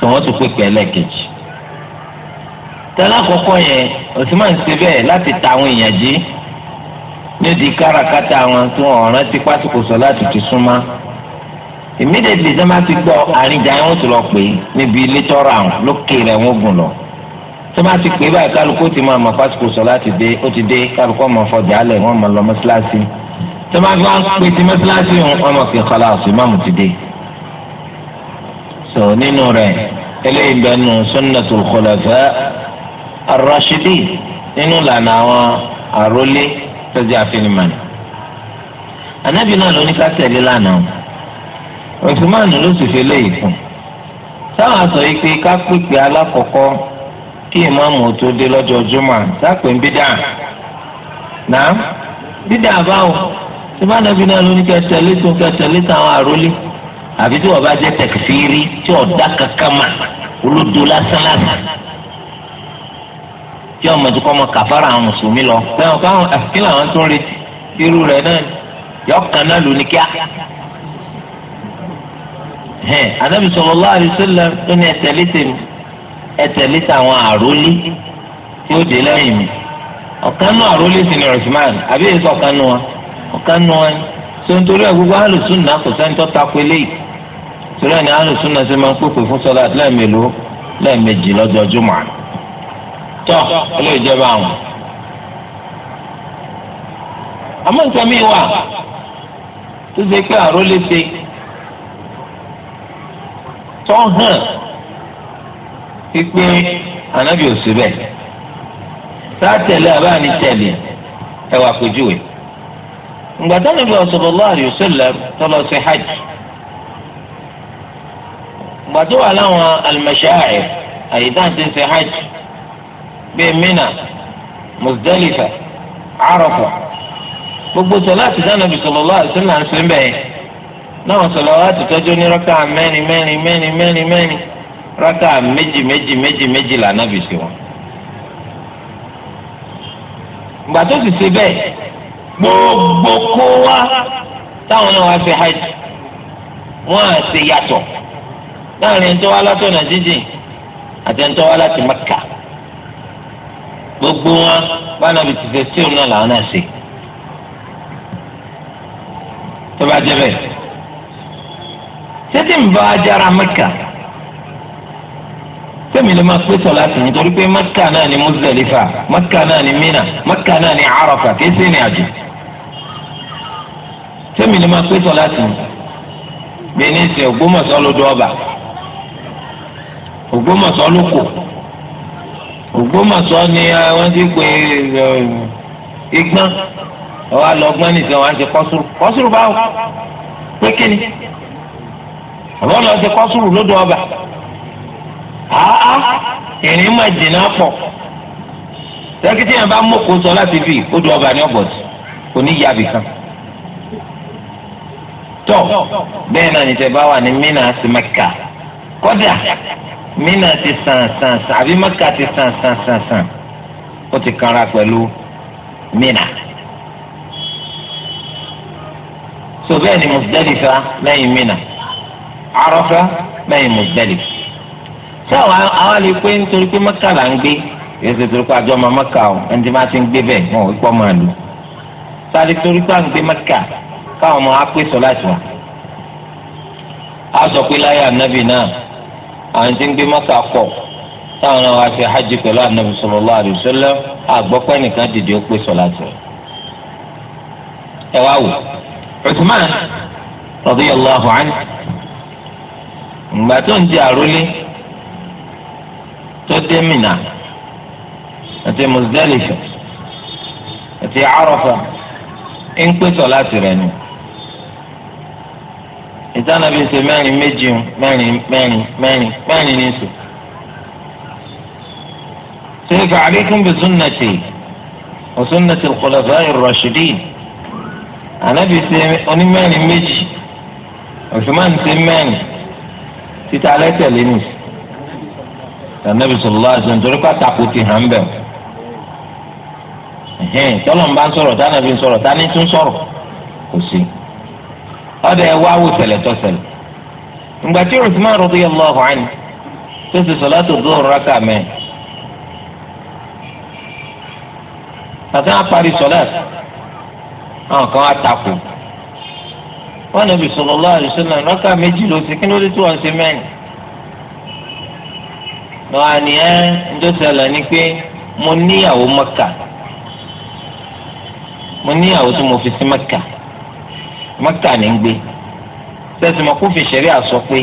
tó wọ́n ti pèpè ẹlẹ́ẹ̀kejì. tẹ́lá kọ́kọ́ yẹn Usman ṣe bẹ́ẹ̀ láti ta àwọn èèyàn jí ní di káràkátà wọn tó ọ̀ràn ti pásítọ̀ sọ láti ti súnmọ́ immediately sọ ma ti gbọ́ àríjà yẹn wọ́n ti lọ pè é níbi ilé tọrọ àwọn lókè rẹ̀ wọ́n gùn lọ sọ ma ti pè é báyìí kálukú ti máa mọ pásítọ̀ sọ láti dé ó ti dé kálukú ọmọ fọjà alẹ̀ wọ́n mọ lọ mọ́sálásí sọ ma fi wọ́n pè ti mọ́sálásí wọn mọ̀ fi kọ́lá ọ̀sùn ìmáàmù ti dé. sọ nínú rẹ̀ eléyìí bẹ́ẹ̀ nù sunnatul khulafa ar nínú lànà àwọn àrólé tọ́jú àfinimọ̀nì. ànábì náà ló ní ká tẹ̀lé lánàá Uthman ló sì fi léyìí fún táwọn aṣọ yìí pé ká pèpè alákọ̀ọ́kọ́ kí ìmáàmù tó dé lọ́jọ́ jùmọ̀ sápè ń bídà náà bídà báwo tí bá nàbí náà ló ní kẹ tẹ̀lé tó kẹ tẹ̀lé táwọn àrólé àbí tí wọ́n bá jẹ́ tẹ̀kífìrí tí ọ̀dà kankan mà olódo lásán tí ọmọ tó kọ́ ọmọ kàfàrà àwọn mùsùlùmí lọ. bẹ́ẹ̀ ọ̀gá làwọn tó ń retí irú rẹ̀ náà yọ̀ọ̀kan ló ní kíá hẹn anabi sallallahu alaihi wasallam tó ní ẹtẹlẹ tèmi ẹtẹlẹ tàwọn àrólé tí ó dé lẹ́yìn mi ọ̀kan nù sì ni Usman àbí wa wa so nítorí ẹ gbogbo kò sẹ́ni takò eléyìí torí ẹni alùsùn náà máa ń pèpè fún sọlá lẹ́ẹ̀mélòó lẹ́ẹ̀mejì lọ́jọ́ jùmọ̀ eléyìí jẹ́ báwọn. àmọ́ nǹkan mi wà tó tó hàn pípé ànábì ò síbẹ̀ sátẹ̀lé abáni tẹ̀lé ẹwà pèjúwe ngbàtà nàbí sallallahu alaihi wasallam tọ́lọ sí hajj gbàtó wà láwọn al-mashā'ir àyíká ti ń ṣe hajj bíi Mina Muzdalifa Arafa gbogbo sọlá ti dáná bí sallallahu alaihi wasallam ń sè mbẹ́yẹn náà sọlọ wá ti tọ́jú ní rọ́kà mẹ́rin mẹ́rin mẹ́rin mẹ́rin mẹ́rin rọ́kà méjì méjì méjì méjì lànà bì sí wọn. ìgbà tó sì ṣe bẹ́ẹ̀ gbogbo kó wá táwọn náà wá fi hajj wọn à ṣe yàtọ̀ láàrin ẹni tó wá látọ̀nà jíjìn àti ẹni tó wá láti Mẹ́kà gbogbo wọn bá nàbì ti ṣe sí òun náà làwọn náà ṣe tó bá jẹ́ bẹ́ẹ̀ títí ń bá ajára mẹ́kà sẹ́mi lè máa pé sọ̀lá sí nítorí pé mẹ́kà náà ni Muzdalifa mẹ́kà náà ni Mina mẹ́kà náà ni Arafa kìí sí ìrìn àjò sẹ́mi lè máa pé sọ̀lá sí bí ní sẹ́ Ògbómọ̀ṣọ́ ló dọ́ọ̀bà Ògbómọ̀ṣọ́ ló kù Ògbómọ̀ṣọ́ ni eh, wọ́n ti pè é eh, igbọ́n wọ́n á lọ wọ́n á ti kọ́sùrù kọ́sùrù báwo pé kíni àbọ̀ lọ sí kọ́sùrù lódò ọba àá ìrìn máa jìnnà pọ̀ tẹ́kítì yẹn bá mọ̀kó sọ láti fi odò ọba ní ọ̀bọ̀tì kò ní yá bì kan tọ́ bẹ́ẹ̀ náà nìjẹ́ bá wà ní Mínà sí Mẹ́kà kọ́dà Mínà ti sàn sàn sàn àbí Mẹ́kà ti sàn sàn sàn sàn ó ti kanra pẹ̀lú Mínà. so bẹ́ẹ̀ ni Muzdalifa lẹ́yìn Mínà. Àrafà lẹ́yìn Muzdalifa ṣé àwọn àwọn lè pé nítorí pé Mẹ́kà là ń gbé èsì torí pé àjọ ọmọ Mẹ́kà o ẹni tí wọ́n ti ń gbé bẹ́ẹ̀ wọn ò pọ́ máa lò sáré torí pé à ń gbé Mẹ́kà káwọn ọmọ wa pé sọlá ti wà. a sọ pé láyé ànábì náà àwọn tí ń gbé Mẹ́kà pọ̀ táwọn náà wá ṣe hajj pẹ̀lú ànábì sallallahu alaihi wasallam àgbọ́pẹ́ nìkan dìde ó pé sọlá ti wà. ẹ wá wò Uthman radiyallahu anhu ìgbà tó ń di àrólé tó dé Mínà àti Muzdalifa àti Arafa ń pè sọ láti rẹ̀ nù ìtànàbí ṣe mẹ́rin méjì mẹ́rin mẹ́rin mẹ́rin mẹ́rin ní sùn. سيف عليكم بسنتي وسنة الخلفاء الراشدين أنا بسيماني ميجي عثمان سيماني títa alẹ́ tẹ̀lé nì Ànábì sallallahu alaihi wasallam torí pàtàkì ti hàn bẹ̀ ẹ̀hìn tọ́lọ̀ ń bá ń sọ̀rọ̀ tánàbí ń sọ̀rọ̀ tání tún sọ̀rọ̀ kò sí ọ̀dọ̀ ẹ̀ wáwò ṣẹlẹ̀ tó ṣẹlẹ̀ ìgbà tí Uthman radiyallahu anhu tó ti salatu dhuhr rákà mẹ́rin àti wọn parí sọ̀lá àwọn kan á takò. wọn nàbì sallallahu alaihi wasallam rákà méjì ló ti kí ló dé tí wọn ṣe mẹ́rin Lọ àníyàn ń la ni pé mo níyàwó mo níyàwó tí mo fi sí mọ́kà mọ́kà ní ń gbé sẹ́sì kó fi ṣẹ̀rí àsọ pé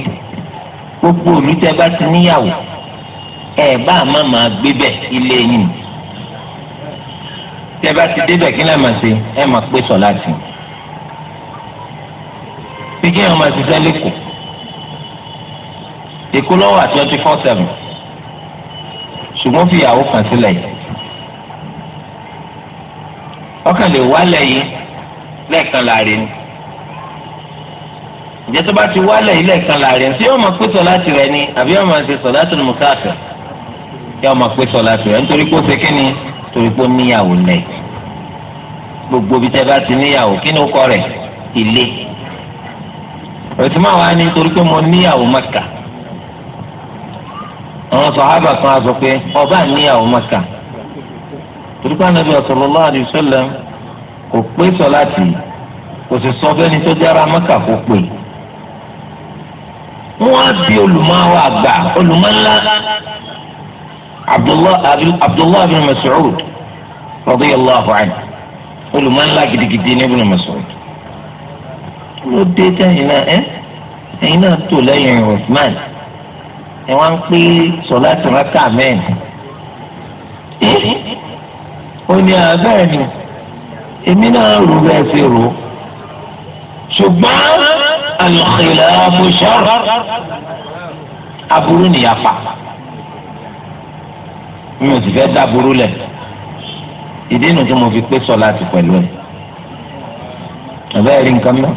gbogbo olùtẹ́ bá ti níyàwó ẹ̀ bá a má máa gbé ilé yìí bá ti débẹ̀ kí lẹ́ẹ̀ máa ṣe ẹ̀ máa pé láti bí kéèyàn máa ṣiṣẹ́ lẹ́kọ̀ọ́ èkó lọ́wọ́ àti twenty four seven ṣùgbọ́n fi ìyàwó kan sílẹ̀ yìí ọkàn lè wálẹ̀ yìí lẹ́ẹ̀kan láàrin ni ìjẹ́ tó bá ti wálẹ̀ yìí lẹ́ẹ̀kan láàrin sí ọmọ pé sọ láti rẹ ni àbí ọmọ ṣe sọ láti rẹ mùsáàfẹ́ yà ọmọ pé sọ láti rẹ nítorí pé ó ṣe kí ni torí pé ó níyàwó lẹ̀ gbogbo bí tẹ́ bá ti níyàwó kí ni ó kọ́ rẹ̀ ilé. Usman wa ni torí pé mo níyàwó Mẹ́kà àwọn sọ̀hábà kan á sọ pé ọba níyàwó Mẹ́kà torí pé Ànábì sallallahu alaihi wasallam kò pé sọ̀láàtì kò sì sọ bẹ́ni tó jára Mẹ́kà kò pè wọ́n á bí olùmọ̀wá àgbà olùmọ̀ńlá Abdullahi bin Mas'ud radiyallahu anhu olùmọ̀ńlá gidigidi ní ibn Mas'ud ló dé tẹ̀yìn náà ẹ́ ẹ̀yin náà tò lẹ́yìn Usman ẹ̀ wá ń pé sọlá tìrákà mẹ́rin ó ní abẹ́rẹ́ ni èmi náà rò bẹ́ẹ̀ ṣe rò ṣùgbọ́n àlùkìlà àbùsọ̀rọ̀ aburú nìyàfa mi ò sì fẹ́ dá burú lẹ̀ ìdí nu tí mo fi pé sọlá ti pẹ̀lú ẹ̀ abẹ́rẹ́ nǹkan mọ́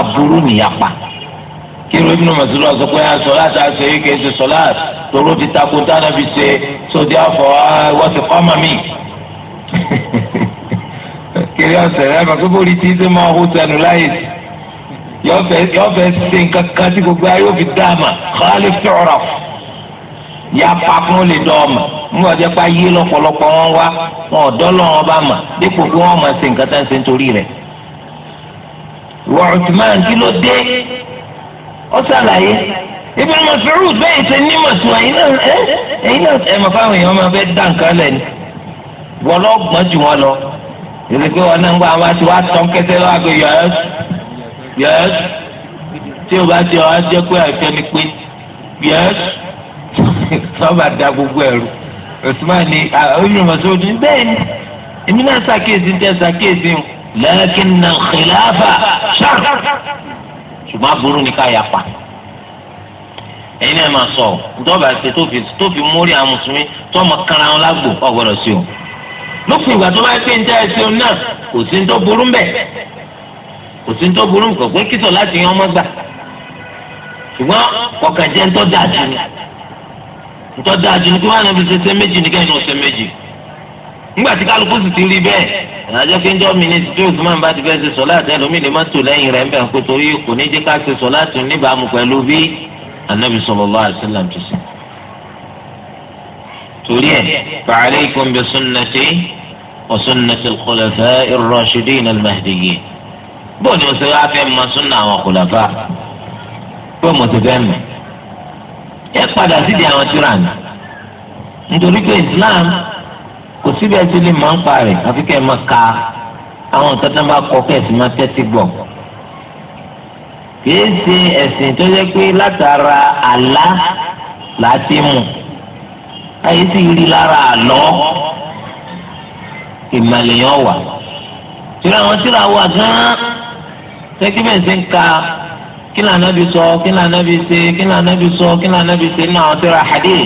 aburú nìyapa kírun ibùdó mọ̀sùlùmọ̀ sọ pé aṣọ láti aṣọ yìí kì í ṣe sọlá tòró ti takò dáná fi ṣe sódì àfọ wọ́n ti kọ́ mọ́ mi. kiri ọ̀sẹ̀ rẹ̀ mọ̀ pé bóri tí ṣe máa hó sẹ́nu láyè yọ fẹ́ ṣe nǹkan kan tí gbogbo ayé òfin dáàmà kọ́lé fẹ́ràn ya papọ̀ lè dọ̀ ọ̀mà nígbà tó yẹ pé ayé lọ́pọ̀lọpọ̀ wọn wá wọn ọ̀dọ́ lọ́wọ́ bá mà dípò kí wọ́n máa ṣe nǹkan tá ṣe nítorí rẹ̀ wọ Uthman kí ló dé ó ṣàlàyé Ibn Mas'ud bẹ́ẹ̀ ṣe nímọ̀ tó ẹ̀yin náà ẹ̀yin náà ẹ̀ mọ̀ fáwọn èèyàn máa fẹ́ dá nǹkan lẹ̀ ni wọ́n lọ gbọ́n jù wọ́n lọ ìrì pé wọn náà ń gbọ́ àwọn àti wá tán kẹsẹ́ lọ́wọ́ àgbẹ̀ yọ̀ọ́sì yọ̀ọ́sì tí o bá ti ọ̀ á jẹ́ pé àìfẹ́ ni pé yọ̀ọ́sì sọ́ba [LAUGHS] da gbogbo ẹ̀rù Usman ni ah, Ibn Mas'ud bẹ́ẹ̀ ni èmi náà ṣàkíyèsí ń tẹ́ ṣàkíyèsí ń lakin al-khilafa ṣáà ṣùgbọ́n aburú ni ká yà pa ẹ̀yin náà máa sọ dọ́ọ̀bà ṣe tó fi mórí àwọn mùsùlùmí tó ọmọ kanra wọn lágbo ọ̀gbọ́dọ̀ sí o lópin ìgbà tó bá pé ń jẹ́ ẹsẹ̀ òun náà kò sí ń tó burú ń bẹ̀ kò sí ń tó burú kò pé kítọ̀ láti yan ọmọ gbà ṣùgbọ́n ọkàn jẹ́ ń tọ́ dáa jù ní ń tọ́ dáa jù ní kí wọ́n á lọ fi ṣe ṣe méjì ní kẹ́hìn ọ̀sẹ̀ méjì nígbà tí kálukú sì ti rí bẹ́ẹ̀ àjọ pé njọ́ mi ní tí Usman bá ti fẹ́ ṣe sọ́lá àti ẹlòmíì lè má tò lẹ́yìn rẹ̀ ńbẹ̀ kó torí kò ní jẹ́ ká ṣe sọ́lá tún níbàámu pẹ̀lú bí anabi sallallahu alaihi wasallam ti sọ. torí ẹ fa alaykum sunnati wa sunnati al-khulafa'i ar-rashidin wá fẹ́ mọ súnà àwọn khulafa pé mo ti fẹ́ mọ̀ ẹ padà sídìí àwọn tíra ni nítorí pé Islam kò síbi ẹtí lè máa ń pa rẹ̀ àfi kẹ́ ẹ máa ka àwọn nǹkan tó ń bá kọ kẹ́ ẹ sì máa tẹ́tí gbọ́. kìí ṣe ẹ̀sìn tó yẹ pé látara àlá láti mú ayé sì rí lára àlọ́ ìmàlẹ́yàn wà. tìrọ àwọn tìrọ àwọ̀ gan-an tẹ́kí bẹ́ẹ̀ ṣe ń ka kí lànà bí sọ kí lànà bí ṣe kí lànà bí sọ kí lànà bí ṣe ní àwọn tìrọ àhàdé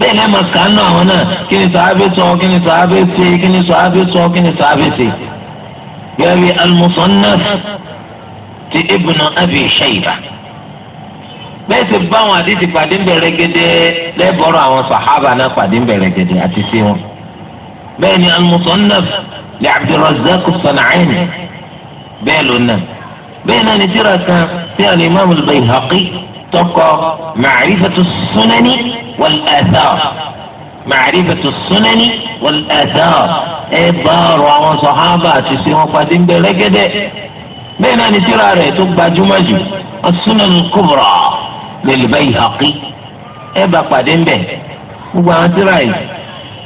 bẹ́ẹ̀ lẹ́ẹ̀ máa kà á nù àwọn náà kí ni sàábé sọ kí ni sàábé ṣe kí ni sàábé sọ kí ni sàábé ṣe. gẹ́gẹ́ bí al-Musannaf ti Ibn Abi Shayba bẹ́ẹ̀ sì bá àwọn àdìsí pàdé ń bẹ̀rẹ̀ gẹ́dẹ́ lẹ́bọ̀rọ̀ àwọn sàhábà náà pàdé ń bẹ̀rẹ̀ gẹ́dẹ́ àti sí wọn. bẹ́ẹ̀ ni al-Musannaf li abdur bẹ́ẹ̀ ló nà bẹ́ẹ̀ náà ni tíra kan tí al-Imam al-Bayhaqi tọkọ Ma'rifatu sunani والآثار معرفة السنن والآثار إبار وعن صحابة تسيهم قديم بلقدة بين أن ترى تبقى جمجو السنن الكبرى للبيهقي إبقى قديم به وبعد ترى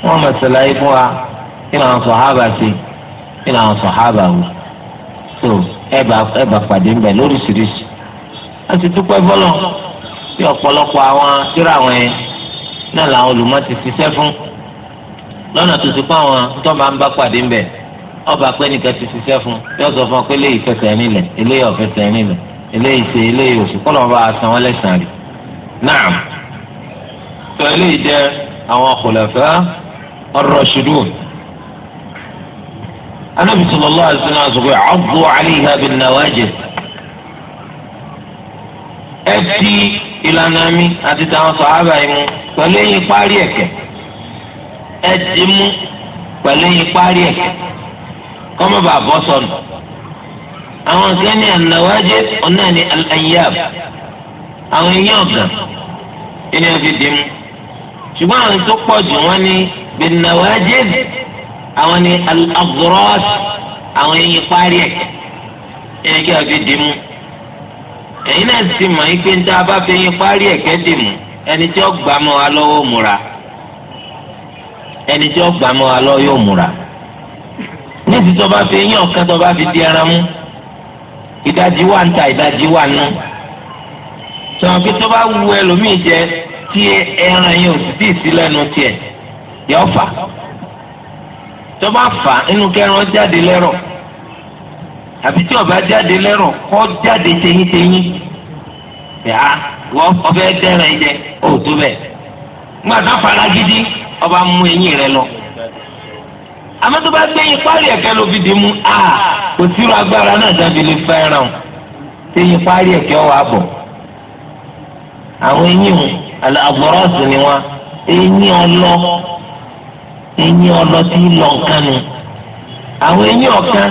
وما سلايفها إلى أن صحابة سي إلى أن صحابة هو. so ẹ bá ẹ bá pàdé ń bẹ lóríṣiríṣi a ti dúpẹ́ bọ́lọ̀ bí ọ̀pọ̀lọpọ̀ àwọn tíra wọn yẹn náà làwọn olùmọ̀ ti ṣiṣẹ́ fún lọ́nà tó ti kọ́ àwọn tó máa ń bá pàdé ń bẹ̀ ọba pé nìkan ti ṣiṣẹ́ fún yóò sọ fún ọ pé eléyìí fẹsẹ̀ nílẹ̀ eléyìí ọ̀fẹsẹ̀ nílẹ̀ eléyìí ṣe eléyìí oṣù kọ́ lọ́wọ́ bá a san wọ́n án rí. náà tó eléyìí jẹ́ àwọn khulafa ar-rashidun. anábì sallallahu alaihi wasallam àzùkú addu alaiha bin nawajid. ẹ ti ìlànà mi àti tàwọn sọ̀hábà yìí mu pẹ̀lú eyín parí ẹ̀kẹ́ ẹ dì mú pẹ̀lú eyín parí ẹ̀kẹ́ kọ́mọ́ bá bọ́ sọnù. àwọn nǹkan ní ànáwájẹ́ ọ̀nà ní al-ayyab àwọn eyín ọ̀gàn ẹni ọ̀fi dì mú ṣùgbọ́n àwọn tó pọ̀ jù wọ́n ní bin àwọn ní al àwọn eyín parí ẹ̀kẹ́ ẹni kí ọ̀fi mú ẹ̀yin náà sì mọ̀ yín pé ń tá a bá fẹ́ yín parí ẹ̀kẹ́ dì mú ẹni tí ó gbà mọ́ wa lọ́wọ́ múra ẹni tí ó gbà mọ́ wa lọ́wọ́ yóò múra ní ti tó bá fẹ́ yín ọ̀kan tó bá fi di ẹran mú ìdajì wà ń ta ìdajì wà nù sọ̀rọ̀ pé tó bá wu ẹlòmíì jẹ tí ẹran yẹn ò sì tì sí lẹ́nu tiẹ̀ yọ fà tó bá fà inú kẹrin ó jáde lẹ́rọ̀ àbí tí ọba jáde lẹ́rọ̀ kọ́ jáde tẹ̀yìntẹ̀yìn yàá ah, wọ́n ọbẹ̀ dẹ́rẹ̀ jẹ òótọ́ bẹ́ẹ̀ ńgbà tó fara gidi ọba mú eyín rẹ lọ àmọ́ tó bá gbẹ̀yìn parí ẹ̀kẹ́ ló fi dì mú a ah, kò sírò agbára náà dábì lè fẹ́ràn tẹ̀yìn parí ẹ̀kẹ́ wà bọ̀ àwọn eyín àbọ̀rọ̀sì ni wọn eyín ọlọ eyín ọlọ tí ń lọ nǹkan nu àwọn eyín ọ̀kan.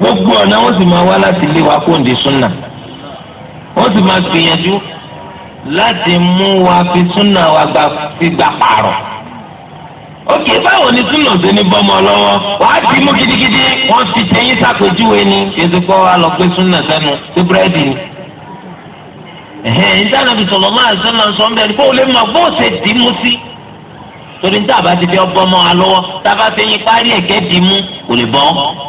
gbogbo ọ̀nà wọ́n sì máa wá láti lé wa kóńdé súnà wọ́n sì máa gbìyànjú láti mú wa fi súnà wa gba fi gbà pààrọ̀ òkè báwo ni súnà ṣe ní bọ́mọ lọ́wọ́ wàá ti mú gidigidi wọ́n fi tẹ̀yìn sàpèjúwe ni ètò wa lọ pé súnà sẹ́nu sí búrẹ́dì ni ẹ̀hẹ́n ìdáná fi sọ̀rọ̀ máa sọ́nà sọ́nbẹ́ni kó o lè mọ bó o ṣe dì í mú sí torí níta bá ti fi ọgbọ́n mọ́ wa lọ́wọ́ tá fi yín parí ẹ̀kẹ́ dì í mú kò lè bọ́.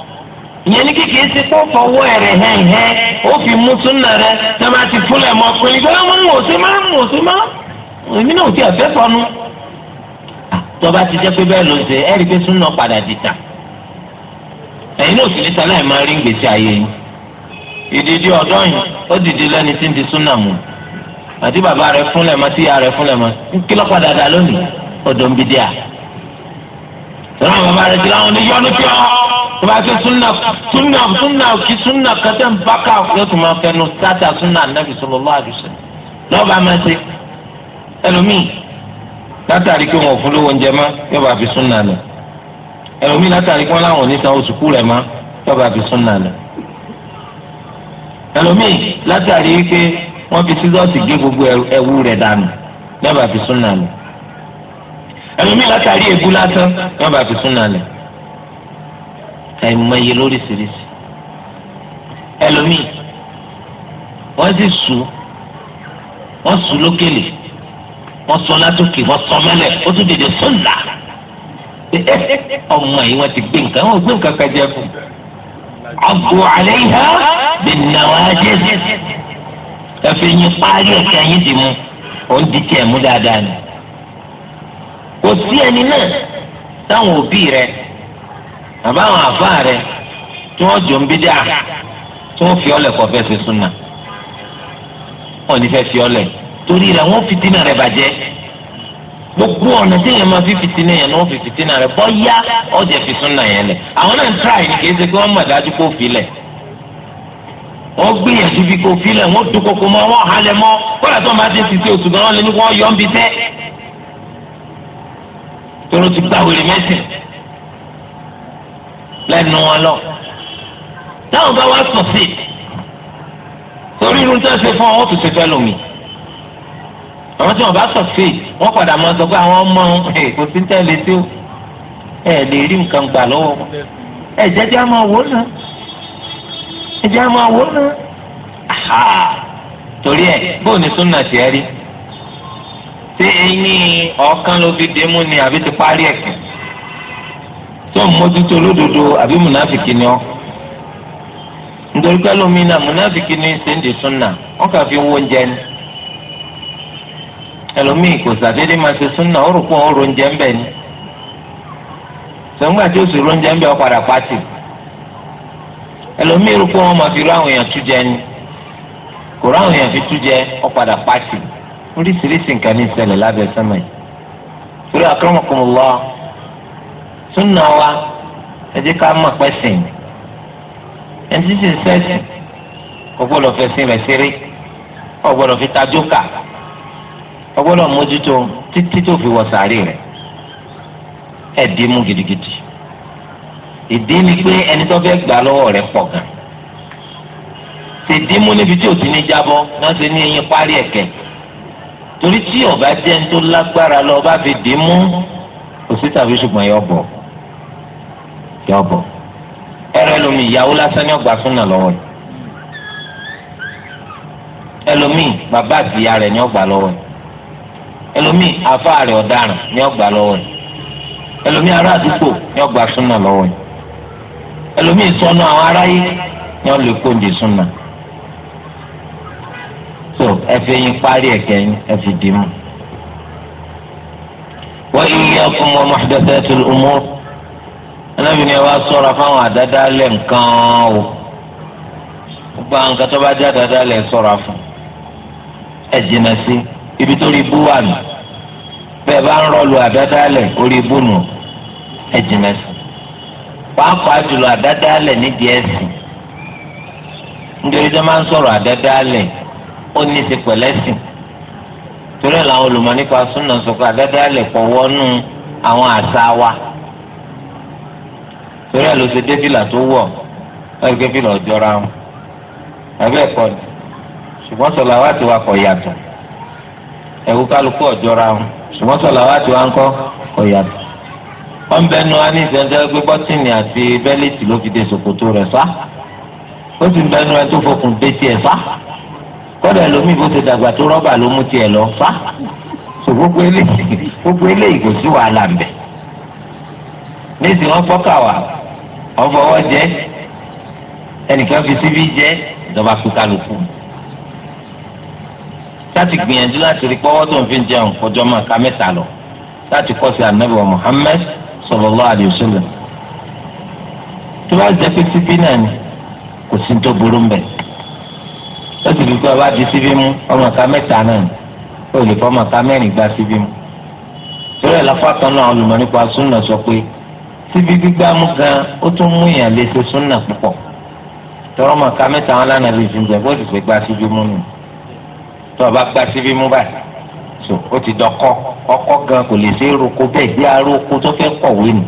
ìyẹn ní kékeré ṣe kó fọwọ́ ẹ̀rẹ̀ hẹ́hẹ́ ó fi mú súnà rẹ tó máa ti fúnlẹ̀ mọ́ pé nígbà wọn mú òsè má mú òsè má èmi náà ò tí fẹ́ sọnù. Ah, tọ́ba ti jẹ́ pé bẹ́ẹ̀ ló ń ṣe ẹ̀rí pé padà di tà ẹ̀yin náà sì ní sálẹ̀ máa rí gbèsè ayé yín ìdíje ọ̀dọ́ yìí ó sọlá bàbá rẹ jìlá wọn ni yọnu tí ọ bàbá ké súnà súnà súnà kí súnà kẹtẹ ń bá ká yóò máa fẹnu sáta súnà nàbì sallallahu alaihi wasallam lọ́ba máa ṣe ẹlòmíì látàrí pé wọn ò fún lówó oúnjẹ mọ́ yóò bá fi súnà nù ẹlòmíì látàrí pé wọn láwọn ò ní san oṣù kú rẹ̀ mọ́ yóò bá fi súnà nù ẹlòmíì látàrí pé wọn fi sísọ́ọ̀sì gé gbogbo ẹ̀wù rẹ̀ dànù yóò fi súnà nù ẹlòmíì látàrí ègún lásán yóò bá fi súnà lẹ̀ àìmọye lóríṣiríṣi ẹlòmíì wọ́n sì sù wọ́n sù lókèlè wọ́n sọ látòkè wọ́n sọ mẹ́lẹ̀ ó tún dèdè súnà ọmọ yìí wọ́n ti gbé nǹkan wọ́n gbé nǹkan kan jẹ fún abu alayha bin nawajiz ẹ fi yín parí ẹ̀ka yín dì mú òun di tiẹ̀ mú dáadáa ni. kò sí ẹni náà táwọn òbí rẹ bàbá àwọn àbá rẹ tí wọ́n jọ ń bí dáa tí wọ́n fi ọlẹ̀ fi súnà ní fi torí rẹ̀ wọ́n fìtínà rẹ̀ gbogbo ọ̀nà tí fi fìtínà yẹn ni wọ́n fi bọ́ ọ̀jẹ̀ fi súnà yẹn lẹ̀ àwọn náà ń ní wọ́n mọ̀ dájú kó fi lẹ̀ wọ́n gbìyànjú bí kò fi lẹ̀ wọ́n dúnkokò mọ́ wọ́n halẹ̀ mọ́ máa ti ti ti oṣù gan-an wọ́n ń bi tóró ti gba wèrè mẹ́sìn lẹ́nu wọn lọ. táwọn bá wá sùn sí torí irun tó ń ṣe fún ọ wọ́n tún ṣe fẹ́ lómi. àwọn tí wọ́n bá sùn sí wọ́n padà máa sọ pé àwọn ọmọ kò sí tẹ̀lé sí o ẹ lè rí nǹkan gbà lọ́wọ́ ẹ jẹ́jẹ́ á máa wò náà ẹ jẹ́ á máa wò náà torí ẹ bóun ni súnà tiẹ̀ rí. ṣé ẹyin ọ̀kan ló fi dìímú ni àbí ti parí ẹ̀kẹ́ tó ń mójútó lódodo àbí múnáfìkì ni ọ́ nítorí pé mi náà múnáfìkì ni sèǹdì súnà wọ́n kà fi ń wo ni ẹlòmíì kò sàdédé máa ṣe súnà ó rò pé òun ń bẹ̀ ni sọ̀ngbà tí ó sì ń bẹ̀ fi rú àwọn èèyàn ni kò rú fi ọ́ padà oríṣiríṣi nǹkan ní ìṣẹ̀lẹ̀ lábẹ́ sẹ́mà yìí torí akramakumullah súnà wa ẹ jẹ́ ká mọ̀ pẹ́ sìn ẹni tí sì ń sẹ́sìn kò gbọ́dọ̀ fẹ̀sìn rẹ̀ ṣeré kò gbọ́dọ̀ fi tajú kà kò gbọ́dọ̀ mójútó títí tó fi wọ sàárè rẹ̀ ẹ̀ dín mú gidigidi ìdí ni pé ẹni tó fẹ́ gbà lọ́wọ́ rẹ̀ pọ̀ gan-an tèdímú níbi tí ò ti ní jábọ́ náà ṣe ní eyín parí ẹ̀kẹ́ torí tí ọba jẹ́ ń tó lágbára lọ ọba fi dì í mú kò sí tàbí ṣùgbọ́n yọ bọ̀ yọ bọ̀ ẹlòmíì ìyàwó lásán ní ọgbà súnà lọ́wọ́ yìí ẹlòmíì bàbá àti ìyá rẹ̀ ní ọgbà lọ́wọ́ yìí ẹlòmíì àfa rẹ̀ ọ̀daràn ní ọgbà lọ́wọ́ yìí ẹlòmíì ará àdúgbò ní ọgbà súnà lọ́wọ́ yìí ẹlòmíì sọnù àwọn aráyé ní ọlẹ́kọ̀ọ́ ìdè súnà so ẹ fi eyín parí ẹ̀kẹ́ ẹ fi dì í wa iyyakum wa muhdathatil umur anábìíní ẹ wá sọ̀rọ̀ fáwọn àdáda lẹ̀ nǹkan o gbogbo àwọn nǹkan tó bá jẹ́ ibi tó rí bú wà nù bẹ́ẹ̀ bá ń rọlù àdáda lẹ̀ bú nù ẹ jìnnà sí pàápàá jùlọ àdáda lẹ̀ nídìí ẹ̀sìn nítorí tó máa ó ní ti pẹ̀lẹ́sìn torí ẹ̀ làwọn olùmọ̀ nípa súnà sọ pé àdáda lè pọ̀wọ́ nù àwọn àṣà wa torí ẹ̀ ló ṣe débìlà tó wọ̀ ẹ̀ débìlà ọ̀jọ́ra wọn ẹ̀bẹ́ ẹ̀kọ́ ni ṣùgbọ́n sọ̀lá wa ti wà kọ̀ yàtọ̀ ẹ̀wù kálukú ọ̀jọ́ra wọn ṣùgbọ́n sọ̀lá wa ti wà ń kọ́ kọ̀ yàtọ̀ wọ́n bẹ nu wa ní ìṣẹ́jọ́ pé bọ́tìnì àti bẹ́líìtì ló fi de ṣòkòtò rẹ̀ sá ó sì bẹ nu ẹ tó fokùn dé tiẹ̀ sá kọ́dà ẹlòmíì bó ti dàgbà tó rọ́bà ló mú tiẹ̀ lọ fa so gbogbo eléyìí [LAUGHS] gbogbo eléyìí kò sí wàhálà ń bẹ̀ níìsì wọn fọ́kà wà wọn fọwọ́ jẹ ẹnìkan fi síbí jẹ ìjọba kú láti gbìyànjú láti rí pọ́wọ́ tó ń fi jẹun kọjọ́ máa ka mẹ́ta lọ láti kọ́ sí anabi wa Muhammad sallallahu alaihi wasallam tó bá jẹ́ pé síbí náà ni kò sí tó burú mbẹ́ ó sì rí pé ọba di síbí mú ọmọ ká mẹ́ta náà ó lè fọ́ ọmọ ká mẹ́rin gba síbí mú. torí ẹ̀ láfàtàn náà olùmọ̀ nípa súnà sọ pé síbí gbígbá mú gan ó tún mú yàn lè ṣe súnà púpọ̀ tọrọ ọmọ ká mẹ́ta wọn lánàá lè ṣe ìjẹ́ bó sì pé gba síbí mú nù tó ọba gba síbí mú báyìí so ó ti dọkọ ọkọ gan kò lè ṣe é roko bẹ́ẹ̀ bí aró tó fẹ́ kọ̀wé nù.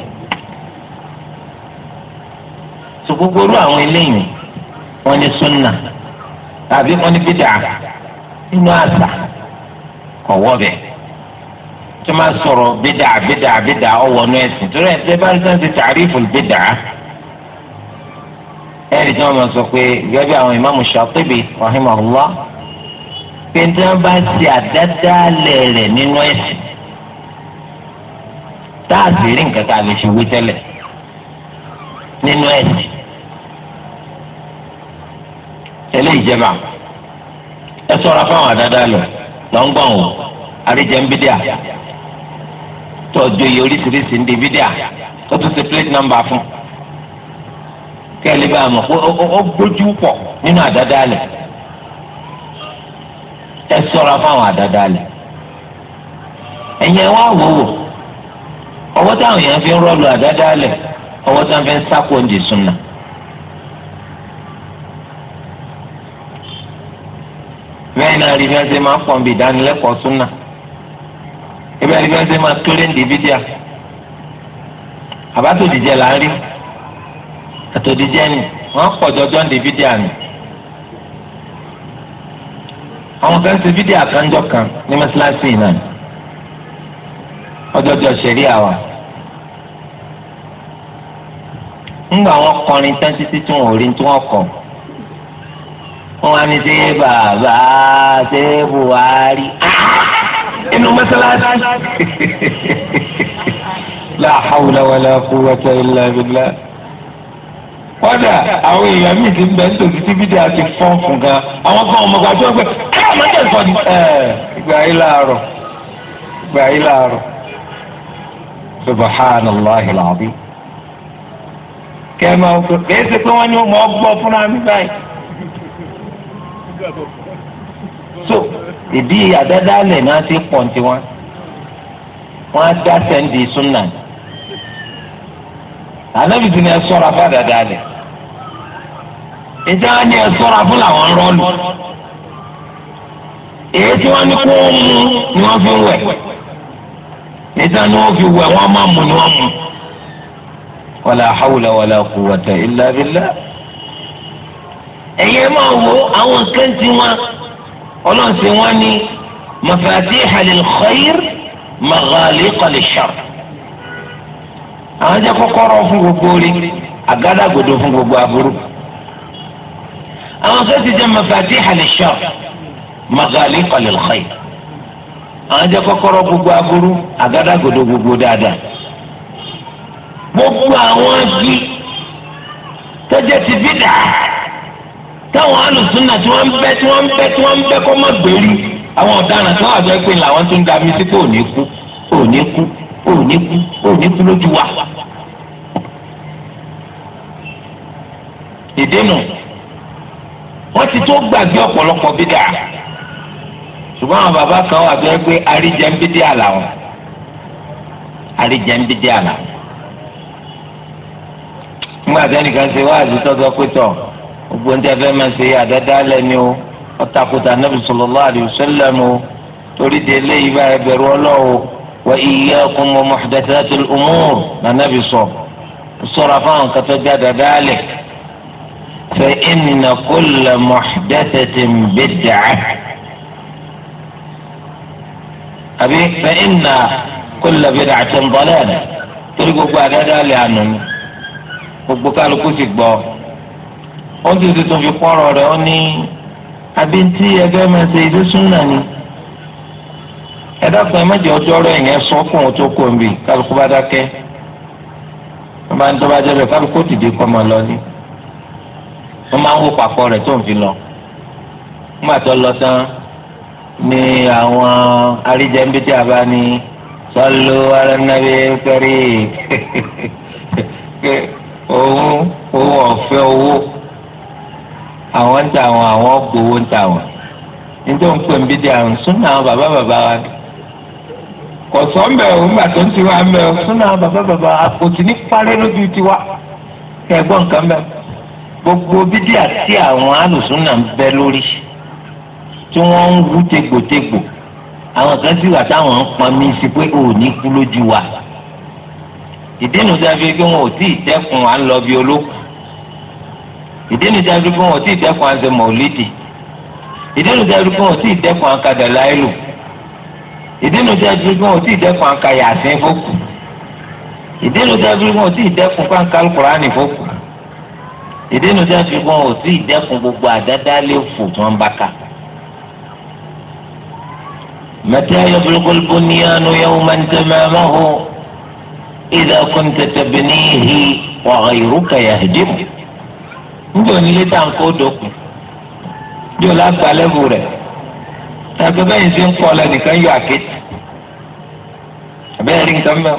so gbogbo irú àwọn eléyìí wọn ní súnà. tàbí wọn ní bídà nínú àṣà ọwọ́ bẹ tó máa sọ̀rọ̀ bídà bídà bídà ọwọ́ nú ẹ̀sìn torí ẹ̀sìn bá rí sáǹsì tàrífù bídà ẹ̀rí tí wọ́n máa sọ pé gẹ́gẹ́ bí àwọn ìmáàmù Ṣàtíbì rahimahullah pé tí wọ́n bá ṣe àdádálẹ̀ rẹ̀ nínú ẹ̀sìn táàsì rí nǹkan lè fi wí nínú ele ijeba ẹ sọ̀rọ̀ fáwọn àdáadáa lọ tọ́jú iye oríṣiríṣi ń di bídíà tó tún plate number fún bá a mọ̀ pé ó gbójú pọ̀ nínú àdáadáa lẹ̀ ẹ sọ̀rọ̀ fáwọn àdáadáa lẹ̀ wá ọwọ́ táwọn bẹ́ẹ̀ náà rí bí wọ́n ṣe máa ń pọ̀ nbí ìdánilẹ́kọ̀ọ́ súnà ibẹ̀ rí bí wọ́n ṣe máa kéré ń dìbídíà àbátòdìjẹ là ń rí àtòdìjẹ ni wọ́n pọ̀ jọjọ́ ń dìbídíà ni àwọn kan ṣe fídíà àkànjọ kan ní mọ́ṣáláṣí náà ọjọ́jọ́ ṣẹ̀rí àwa ńgbà wọn kọrin tán títí tí wọn ò rí tí wọn kọ wọn wá ní sí bàbá ṣé buhari [LAUGHS] inú mọ́sálásí [LAUGHS] la hawla wala quwwata illa billah kọ́dà àwọn èèyàn míì ti ń bẹ nítorí tí fídíò àti fọ́n fún gan àwọn kan ọmọ gbàgbé ọgbẹ ẹ ọmọ jẹ ìfọ ni. ìgbà yìí láàárọ̀ ìgbà yìí láàárọ̀ subhanallahi alazim. kẹ́ ẹ máa ń fọ kẹ́ ẹ ṣe pé wọ́n ní wọ́n gbọ́ fúnra mi báyìí so ìdí àdádálẹ̀ náà ti pọ̀ ní tiwọn wọn á dá sẹ́ńdì súnà ànábìtì ni ẹ sọ́ra fún àdádálẹ̀ ìjà ni ẹ sọ́ra fún làwọn rọ́ọ̀lù èyí tí wọ́n ní kó mú ni wọ́n fi wẹ̀ ìjà ni wọ́n fi wẹ̀ wọ́n máa mú ni wọ́n mú. wàlà hàwùlà wàlà kùwàtà ìlà ẹ̀yẹ́ máa wo àwọn nǹkan tí wọ́n ọlọ́run sì wọ́n ní mafatiha lil khair maghaliqa lishar. àwọn jẹ́ kọ́kọ́rọ́ fún gbogbo orí àgádágodo fún gbogbo aburú. àwọn kan ti jẹ́ mafatiha lishar maghaliqa lil khair. àwọn jẹ́ kọ́kọ́rọ́ gbogbo aburú àgádágodo gbogbo dáadáa. gbogbo àwọn bí tọ́jà ti bí dàá káwọn alùsùnà tí wọ́n ń bẹ́ tí wọ́n ń bẹ́ tí wọ́n ń bẹ́ kó má gbèrí àwọn ọ̀daràn tí wọ́n àjọ pé làwọn tó ń da mi sí pé òní kú òní kú òní kú òní kú lójú wa. ìdènà wọ́n ti tó gbàgbé ọ̀pọ̀lọpọ̀ bídà ṣùgbọ́n àwọn bàbá kan wà bẹ́ẹ̀ pé àríjẹ́ ń bídé àlà wọn àríjẹ́ ń bídé àlà wọn. nígbà tí ẹnìkan ṣe wáàzì tọ́jọ́ pé tọ̀ gbogbo ní ẹfẹ máa ṣe àdáda lẹni o ọtakùtà nàbì sallallahu alaihi wasallam o torí de eléyìí bá ẹbẹrù ọlọ́wọ́ wa iyyakum wa muhdathatil umur nà nàbì sọ sọ̀rọ̀ fáwọn kẹtọ́ já dada lẹ̀ fa inna kulla muhdathatin bid'ah àbí fa inna kulla bid'atin dalalah torí gbogbo àdáda lẹ̀ ànú gbogbo kálukú ti gbọ́. ó ti di tún fi kọ́rọ̀ rẹ̀ ó ní àbí tí ẹgbẹ́ máa ṣe ìdí súnà ni ẹ dákun ẹ má jẹ́ ọjọ́ ọ̀rọ̀ yẹn sọ fún òun tó kò ń bì kálukú bá dákẹ́ wọ́n bá ń tọ́ bá jẹ́ bẹ́ẹ̀ kálukú dìde kọ́ máa lọ ní wọ́n máa ń wò papọ̀ rẹ̀ tó ń fi lọ nígbà tó lọ tán ni àwọn aríjẹ́nbítí àbá ni sọ́lú aránábí kẹrí òun òun ọ̀fẹ́ owó àwọn ń ta àwọn àwọn gbowó ń ta àwọn níjọ́ ń pè ń bí di àrùn súnà àwọn bàbá bàbá wa kò sọ ń bẹ̀ ò ń gbà tó ń tiwa ń bẹ̀ ò súnà àwọn bàbá bàbá wa kò sì ní parí lójú tiwa ẹ̀gbọ́n nǹkan bẹ̀ gbogbo bídí àti àwọn alùsùnà ń bẹ lórí tí wọ́n ń wú tegbòtegbò àwọn kan sì wà táwọn ń pọn mí sí pé ò ní kú lójú wa ìdí nu dábìí pé wọn ò tí ì dẹ́kun à ń lọ bí olókùn ìdí nìjà ẹbí fún wọn tí ìdẹ́kun à ń ṣe mọ̀lídì ìdí nìjà ẹbí fún wọn tí ìdẹ́kun à ń ka dàláìlù ìdí nìjà ẹbí fún wọn tí ìdẹ́kun à ń fókù ìdí nìjà ẹbí fún wọn tí ìdẹ́kun à kùránì fókù ìdí nìjà ẹbí fún wọn tí ìdẹ́kun gbogbo àdádálé fò tí wọ́n bá ka. متى يبلغ البنيان يوما تمامه إذا كنت تبنيه وغيرك يهدمه níbi onílé tá à ń kó dòkun bí o lágbà tàbí bẹ́ẹ̀ ṣe ń kọ́ lẹ́nìkan yọ àkéjì àbẹ́rẹ́ nǹkan mẹ́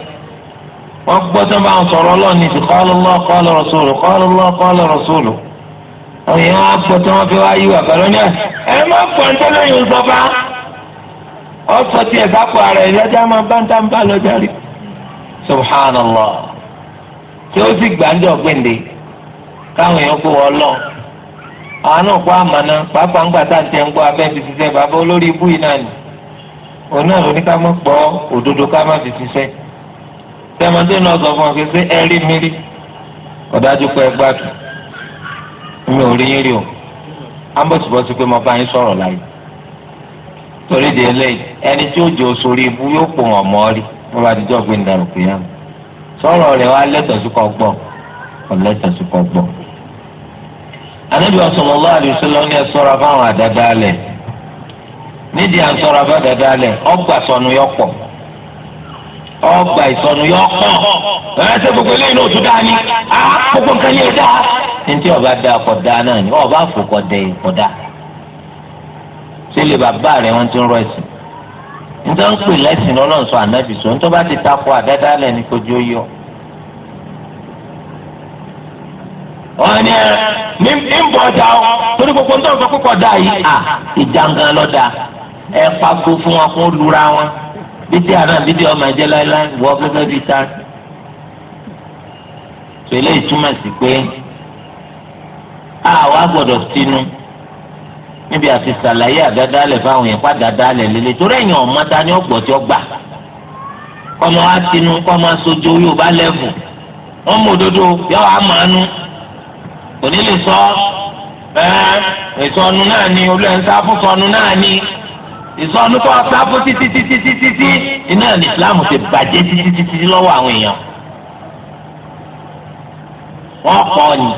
wọ́n gbọ́ tó máa ń sọ̀rọ̀ ọlọ́ọ̀ni ti rasuluhu qala Allah rasuluhu òun yẹn wọ́n gbọ́ tó wọ́n fi wá yíwà pẹ̀lú ní ẹ má pọ̀ ń tẹ́lẹ̀ yóò sọ ọ sọ tiẹ̀ ara ẹ̀ lọ́jà máa bá ń ń bá subhanallah tí ó sì gbà ń táwọn èèyàn kó wọ́n lọ àwọn náà kó àmàna pàápàá ńgbà tá à ń tẹ ń gbọ́ abẹ́ ti ti sẹ́ bàbá olórí ibú yìí náà nì òun náà ló ní ká má gbọ́ òdodo ká má fi ti sẹ́ tẹmọdé náà sọ fún ọ pé ṣé ẹ rí mi rí ọ̀dájú pé ẹ gbádùn mi ò rí yín rí o ambọ̀sibọ́sí pé mo bá yín sọ̀rọ̀ láyé torí di eléyìí ẹni tí ó jẹ òṣòro ibú yóò pò wọ́n mọ́ rí wọ́n bá dijọ́ gbé ńdàrú pé yá sọ̀rọ̀ rẹ̀ wá lẹ́tọ̀ọ́sí kọ́ gbọ́ ọ̀lẹ́tọ̀ọ́sí kọ́ gbọ́. anabi sallallahu alaihi wasallam ní ẹsọra fáwọn àdáda alẹ nídìí à ń sọra fáwọn àdáda alẹ ọgbà sọnù yọ pọ ọgbà ìsọnù yọ pọ ẹ ṣe gbogbo eléyìí ní òtún dání á gbogbo nǹkan yẹn dá ní tí ọba dá ọkọ dá náà ni ọba àfòkọ dẹ ìkọ dá ṣé lè bàbá rẹ wọn ti ń rọ ẹsìn nítorí pé lẹsìn lọ́lọ́run sọ ànábì sọ nítorí bá ti takò àdáda alẹ ní kojú yọ. wọn ni ẹ ní ń bọ̀ ọjà o torí gbogbo ń yìí à lọ́dà ẹ fagbó fún wọn lura wọn bídí àná bídí ọmọ ẹ̀jẹ̀ láéláé wọ́n gẹ́gẹ́ bíi ta. pèlè ìtumọ̀ sí pé àwa gbọ́dọ̀ sínú níbi àti sàlàyé àdádálẹ̀ fáwọn yẹn pa lélẹ̀ torí ẹ̀yìn ta ni ọ̀gbọ̀ tí ó gbà kọ́mọ wa sínú kọ́mọ aṣojú yóò bá lẹ́fù wọ́n mú òdodo yọ kò ní lè sọ ìsọnu náà ni olóyè ń sá fún sọnu náà ni ìsọnu tó sá fún títí títí títí tí iná ní ìsìláàmù ti bàjẹ́ títí títí lọ́wọ́ àwọn èèyàn wọ́n pọ̀ ni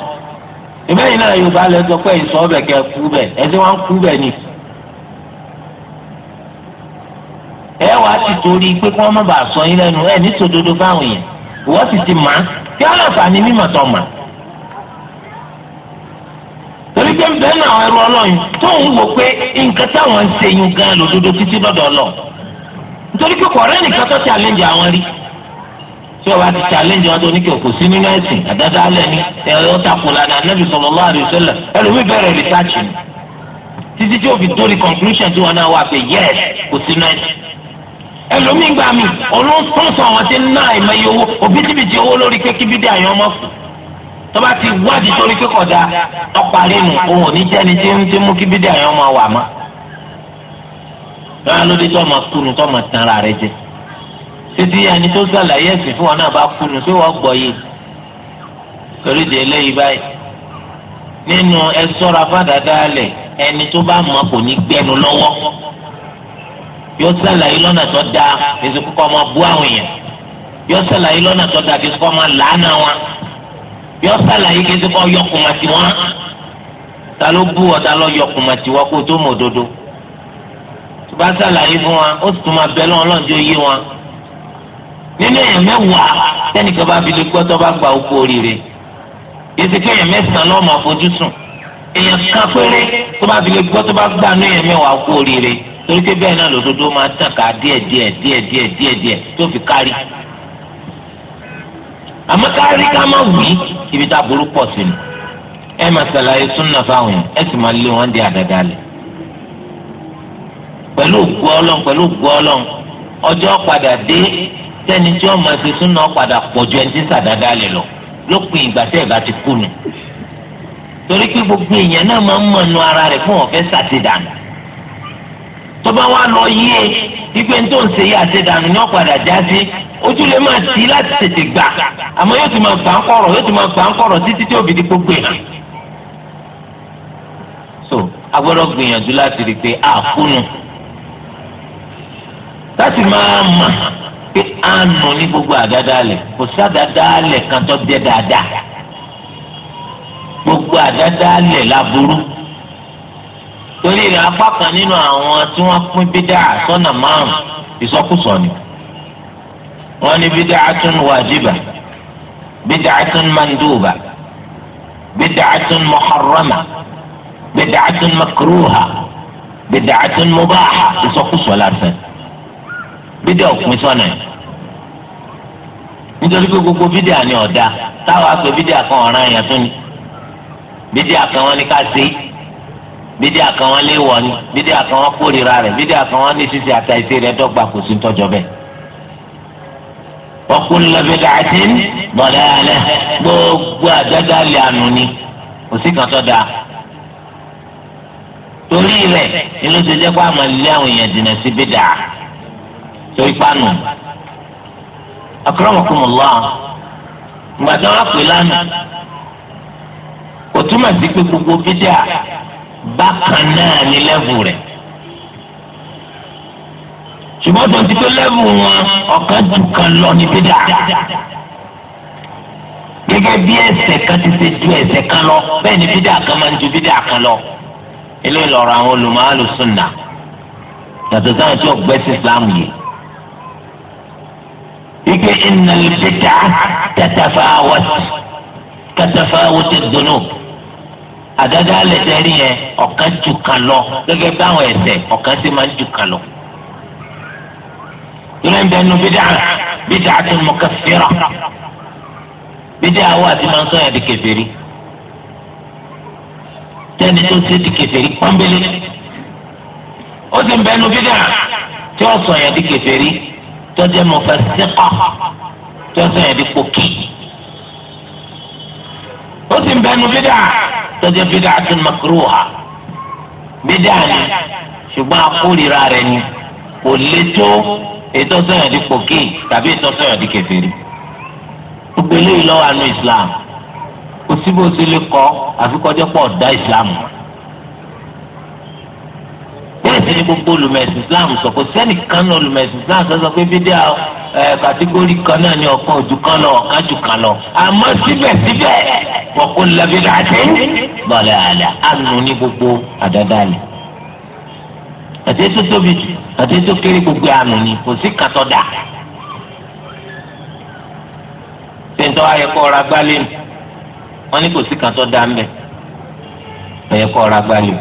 ìbẹ́yìn náà yorùbá lè sọ pé ìsọ ọbẹ̀ kẹ́ kú bẹ̀ ẹ̀sìn wọn kú bẹ̀ ni. ẹ wàá ti torí pé kí wọ́n má bàa sọ yín lẹ́nu ẹ̀ ní sòdodo fáwọn èèyàn ìwọ́n sì ti mà á kí wọ́n láǹfààní mímọ̀ tó mà á. torí pé nbẹ náà àwọn ẹrú ọlọ́yin tóun wò pé nǹkan táwọn ń ṣe yín gan lòdodo títí lọ́dọ̀ lọ nítorí pé kọ̀ọ̀rẹ́ nìkan tó challenge àwọn rí tí ọba ti challenge wọn tó ní kí o kò sí nínú ẹ̀sìn àdáda alẹ́ ní ẹ̀rọ ọ̀tàkùnlá ní anábì o fi conclusion yes kò sí tọ́ba ti wádìí torí pé kọjá ọparí nù òun ò ní jẹ́ ẹni tí ń ti mú kí bídíà yẹn máa wà mọ́. lọ́wọ́ lóde tó ọmọ kúnu tó ọmọ tan ara rẹ jẹ. títí ẹni tó sàlàyé ẹ̀sìn fún wọn náà bá kúnu pé wọ́n gbọ́ yìí. torí de eléyìí báyìí. nínú ẹ sọ́ra fàdàdà lẹ̀ ẹni tó bá mọ̀ kò ní gbẹnu lọ́wọ́. yóò sàlàyé lọ́nà tó dáa èsì kúkọ́ ọmọ bú àwọn èèyàn. yóò yọ sàlàyé kí ẹsẹ kọ yọkùn màtí wọn ta ló bú ọ ta lọ yọkùn màtí wọn kó tó mọ òdodo tó bá sàlàyé fún wa ó sì tún máa bẹ lọ́wọ́ lọ́njọ́ yé wọn nínú èèyàn mẹ́wàá tẹ́nìkan bá fi lè gbọ́ tó bá gba oko oríire èsì kéèyàn mẹ́sàn-án lọ́ọ́ máa fojú sùn èèyàn kan péré tó bá fi lè gbọ́ tó bá gbà ní èèyàn mẹ́wàá oko oríire torí pé bẹ́ẹ̀ náà lòdodo máa tàn ká díẹ̀ díẹ̀ díẹ̀ tó fi kárí. àmọ́ kárí ká má wí ibi tá a burú pọ̀ sí ni ẹ máa ṣàlàyé súnà fáwọn yẹn ẹ sì máa lé wọn di àdàdà lẹ̀ pẹ̀lú òkú ọlọ́n pẹ̀lú òkú ọlọ́n ọjọ́ padà dé tẹ́ni tí wọ́n máa ṣe súnà padà pọ̀ ju ẹni tí sàdàdà lẹ̀ lọ lópin ìgbà tẹ́ ẹ̀ bá ti kú gbogbo èèyàn náà máa ń mọnu ara rẹ̀ fún ọ̀fẹ́ sàtìdànù tọ́ba lọ yí e, ojú lè máa tì í láti tètè gbà àmọ́ yóò ti máa gbà ń kọ̀rọ̀ yóò ti máa gbà ń kọ̀rọ̀ títí tí òbí di gbogbo ìhàn. E. so a gbọ́dọ̀ gbìyànjú láti rí i pé a kúnu láti máa mọ̀ pé a nù ní gbogbo àdádálẹ̀ kò sí àdádálẹ̀ kan tó jẹ́ dáadáa gbogbo àdádálẹ̀ láburú torí apá kan nínú àwọn tí wọ́n pín bídà sọ́nà márùn-ún ìsọkúsọ ni wọ́n ní bid'atun wàjibà bid'atun manduba bid'atun muharrama bid'atun makruha bid'atun mubaha ìsọkúsọ lásán bídà òpin sọ́nà yìí nítorí pé gbogbo bídà ni ọ̀dà táwọn àgbẹ̀ bídà kan ọ̀ràn èèyàn tó ni bídà kan wọn ni ká ṣe bídà kan wọn léwọ̀ ni bídà kan wọn kórìíra rẹ̀ bídà kan wọn ní sísè àtàìsè rẹ̀ dọ́gba kò sí tọ́jọ́ bẹ́ẹ̀. وكل بدعة ضلالة gbogbo àdádálẹ̀ àánú ni kò sí kan tó dáa torí rẹ̀ ni ló jẹ́ pé àmọ́ ilé àwọn èèyàn jìnnà sí bídà tó ipá nù. akramakumullah ìgbà tí wọ́n á pè lánàá kò túmọ̀ sí pé gbogbo bákan náà ní ṣùgbọ́n tó ń ti pé lẹ́bù wọn ọ̀kan jù kan lọ ní bídà gẹ́gẹ́ bí ẹsẹ̀ kan ti ṣe ju ẹsẹ̀ kan lọ bẹ́ẹ̀ ni bídà kan máa ń ju bídà kan lọ ilé ìlọrọ àwọn olùmọ̀ọ́lù sunna yàtọ̀ sáwọn tí ọgbẹ́ sí Islam yìí ike innal bid'a tatafawat tatafawat ad-dunub àdáda lẹ́tẹ̀ẹ́rì yẹn ọ̀kan jù kan lọ gẹ́gẹ́ báwọn ẹsẹ̀ ọ̀kan sì máa ń jù kan lọ ìrìn bẹ́ẹ̀ nu bídà bídà ti mú kẹfìrà bídà wà tí máa ń sọ yàn di kèfèrí tẹ́ni tó ṣe di kèfèrí pọ́nbélé ó sì ń bẹ́ẹ̀ nu bídà tí ó sọ yàn di kèfèrí tó jẹ́ mọ̀fẹ́síkọ̀ tí ó sọ di pòkì ó sì ń bẹ́ẹ̀ nu bídà tó jẹ́ bídà tó makruha bídà ni ṣùgbọ́n akórira rẹ̀ ni kò lè tó ètò sọyàn di pòkì tàbí ètò sọyàn di kèfèrí gbogbo eléyìí lọ́wọ́ àánú islam kò sí bó ṣe lè kọ́ àfikọ́jọ́ pọ̀ dá islam bẹ́ẹ̀ sì ni gbogbo olùmẹ̀sì islam sọ kò sẹ́nì kan náà olùmẹ̀sì islam sọ sọ pé fídíà ẹ̀ kàtígórì kan náà ni ọ̀kan ojú kan lọ ọ̀kan jù kan lọ àmọ́ síbẹ̀síbẹ̀ wọ́n kó lẹ́bí láti bọ̀lẹ̀ àlẹ́ àánú ní gbogbo àdáda rẹ̀ àti ètò tóbi jù àti ètò kéré gbogbo àná ni kò sí kàtọ́ dà. sèǹtọ́ ayẹkọ́ ọ̀rọ̀ agbálẹ̀ nù wọ́n ní kò sí kàtọ́ dà ńbẹ̀ ayẹkọ́ ọ̀rọ̀ agbálẹ̀ nù.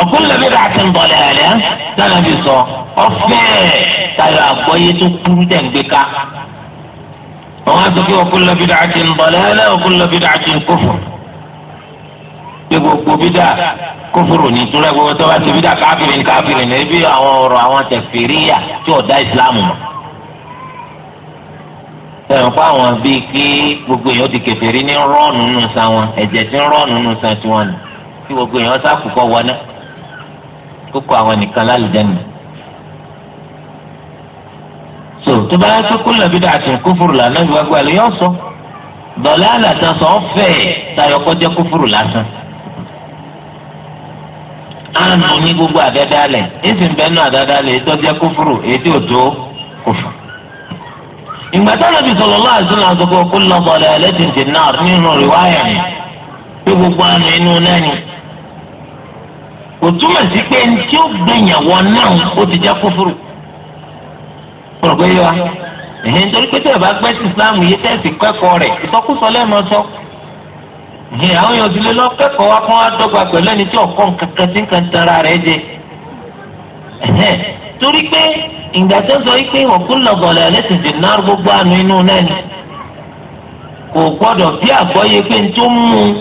ọ̀gbọ́n lẹ́mí rà ti ń bọ̀ lẹ́yẹ̀lẹ́ sáà fi sọ ọ̀fẹ́ tayọ àgbọ́yé tó kúrú tẹ̀ ń gbé ká. àwọn àtúnkì ọ̀gbọ́n lẹ́mí rà ti ń bọ̀ lẹ́yẹ̀lẹ́ ọ̀gbọ́n lẹ́mí rà ti ń kófò kófòrò ní ìtura gbogbo tó bá ti fi dà káfíìrì ní káfíìrì ní ibi àwọn ọ̀rọ̀ àwọn tẹ̀fìríyà tí ò dá ìsìláàmù mọ́. sẹ́yìn fún àwọn bíi kí gbogbo èèyàn ti kèfèrí ní rọ́ọ̀nù nù san wọn ẹ̀jẹ̀ ti rọ́ọ̀nù nù san tiwọn nù kí gbogbo èèyàn sákòókò wọná kókó àwọn nìkan lálùjẹ́ nù. so tó bá yẹ kókó lẹ́bi dà sí kófòrò lànà ìwà gbàlẹ́ yọ sọ dọ̀lẹ́ àlàtà sọ fẹ́ẹ̀ tayọkọ́jẹ́ kófòrò lásán. ní gbogbo àdádálẹ̀ èsì ń bẹ́ẹ̀ nù àdádálẹ̀ ètò ọjọ́ kófòrò ètò òtó kófò. ìgbà tó nàbì sọ̀rọ̀ lọ́wọ́ àdúrà àdúgbò kó lọ́bọ̀ rẹ̀ lẹ́tìntì náà nínú pé gbogbo àná inú náà ni. kò túmọ̀ sí pé ní tí ó gbẹ̀yàwó náà ó ti jẹ́ kófòrò. pọ̀rọ̀ pé yọ wa ẹ̀hìn torí pé bá ẹ àwọn èèyàn sì lè lọ kẹ́kọ̀ọ́ wa kó wá dọ́gba pẹ̀lú ẹni tí ọ̀kọ́ nǹkan tí nǹkan tara rẹ̀ jẹ torí pé ìgbà tó sọ yìí pé òkun lọ́gọ̀ọ̀lẹ̀ ẹlẹ́sìn ti ná gbogbo àánú inú náà ni kò gbọ́dọ̀ bí àgbọ́yé pé n tó mú un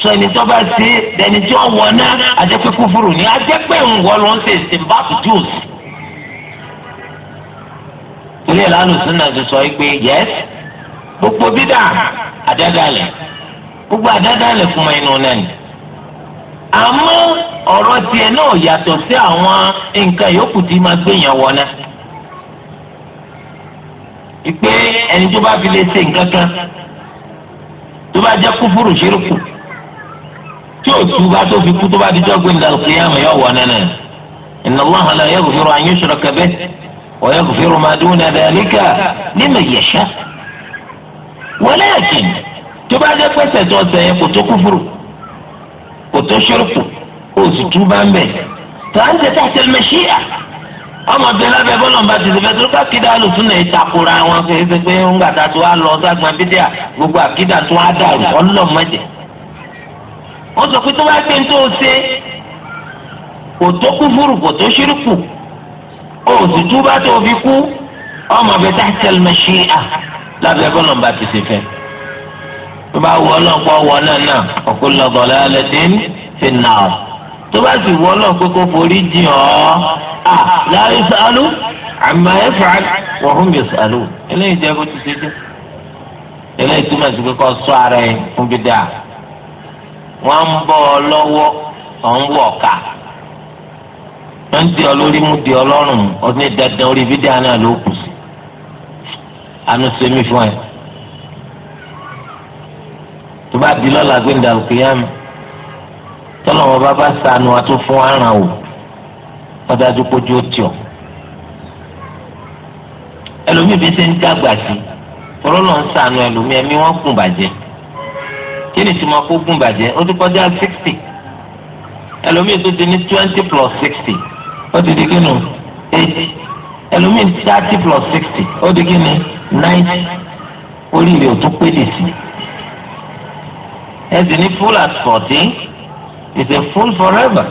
sọ ẹni tó bá ṣe ẹni tí wọ́n wọ náà àjẹpẹ́ kúfúrú ni àjẹpẹ́ ń wọ ló ń ṣe zimbabwe juice ilé ìlànà sínú àti sọ yìí pé yẹs gbogbo bídà àdádálẹ̀ gbogbo àdáda lè fún inú náà ni àmọ́ ọ̀rọ̀ tiẹ̀ náà yàtọ̀ sí àwọn nǹkan yòókù tí máa gbéyàn wọ náà ìpè ẹni tó bá fi lè ṣe nǹkan kan tó bá jẹ́ kúfúrú ṣírùkù tí ò tú bá tó fi kú tó bá di jọ́gbìn ní al-qiyāmah yóò wọ náà náà inna Allāha lā yaghfiru an yushraka bihi wa yaghfiru mā dūna dhālika liman yashā' walākin tó bá jẹ́ pé sẹ̀tọ́ ọ̀sẹ̀ yẹn kò tó kúfúrú kò tó ṣírùkù kò sì tú bá ń bẹ̀. tàǹtẹ̀ tàǹtẹ̀ mẹ́ṣíà ọmọbìnrin lábẹ́ bọ́lá ń bá ti sèfẹ́ tó kákìdá lòsùn náà ìtakùrà wọn kò ṣe pé ń gbàdá tó wá lọ ságbọn bídíà gbogbo àkìdá tó wá dàrú ọlọ́mọdé. wọ́n sọ pé tó bá gbé tó ṣe kò tó kúfúrú kò tó ṣírùkù ó sì túbá tó fi kú ọmọbìnrin tàǹtẹ̀ mẹ́ṣíà lábẹ́ bọ́lá ń bá ti sèfẹ́ tó bá wọ ọlọ́pàá wọ náà náà ọ̀kú lọ́gọ̀ọ́lá lẹ́tìn fi nà ọ́ tó bá sì wọ ọlọ́pàá kó forí jìn ọ́ à láyé sàlù àmà ẹ̀ fà wọ́n mi sàlù eléyìí jẹ́ kó ti ṣe jẹ́ eléyìí túmọ̀ sí pé kó sọ ara ẹ̀ fún bí dáa wọ́n ń bọ́ ọ lọ́wọ́ ọ̀ ń wọ̀ ká wọ́n di ọ lórí mú di ọlọ́run ọdún dandan orí fídíò náà ló kù sí àánú sẹ́mi fún ẹ tó bá di lọ́la gbẹ̀ndà òkèèyàn tọ́lọ́mọ bá bá sànù àtún fún aràn o wọ́n dájú pójú ó tiọ̀ ẹlòmíì bí ṣe ń dàgbà sí tọ́lọ́ lọ́n sànù ẹlòmíì ẹ̀mí wọ́n gùn bàjẹ́ kí ni tí mo kó gùn bàjẹ́ ó ti kọjá sixty ẹlòmíì tó ti ní twenty plus sixty ó ti di kínú eighty ẹlòmíì thirty plus sixty ó di kínú ninety oríire ò tún pé dè sí i ẹ sì ní full at fourteen is a full forever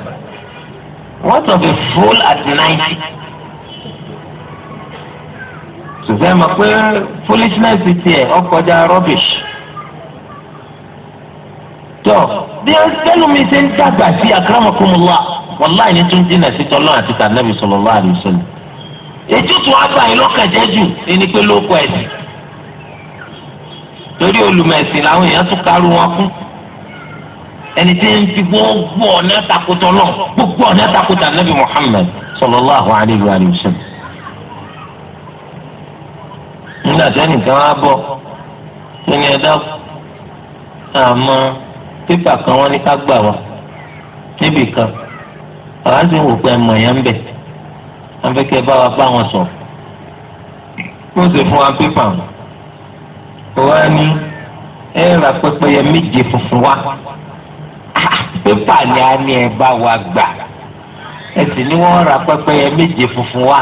what of a full at ninety. ṣùgbọ́n ẹ mọ̀ pé foolishness tiẹ̀ ọkọjá rubbish tọ bí ẹ tẹlumi ṣe ń dàgbà sí akramakumullah wàláì ní tún dínà sí tọlọ àti tànàbì sallallahu alaihi wasallam ètùtù àgbà yìí lọkàjẹ jù ẹni pé ló kọ ẹsìn torí olùmẹsìn làwọn èèyàn tún karú wọn kún ẹni tí ń fi gbogbo ọ̀nà takotọ̀ náà gbogbo ọ̀nà takotọ̀ Nabi muhammed sallallahu alayhi wa sallam. nígbà tí ẹnìkan á bọ̀ nínú ẹ̀dá àmọ́ pépà kan wọ́n ní ká gbà wá níbì kan àwọn àti wò pé ẹ̀mọ̀ yẹn ń bẹ̀ wọ́n fẹ́ bá wa bá wọn sọ̀rọ̀ wọ́n sì fún wa pépà wọn. wọ́n á ní ẹ̀rọ apẹ́pẹ́yẹ méje funfun wá pépà ni a ní ẹ bá wa gbà ẹ sì ní wọ́n ra pẹ́pẹ́yẹ méje funfun wa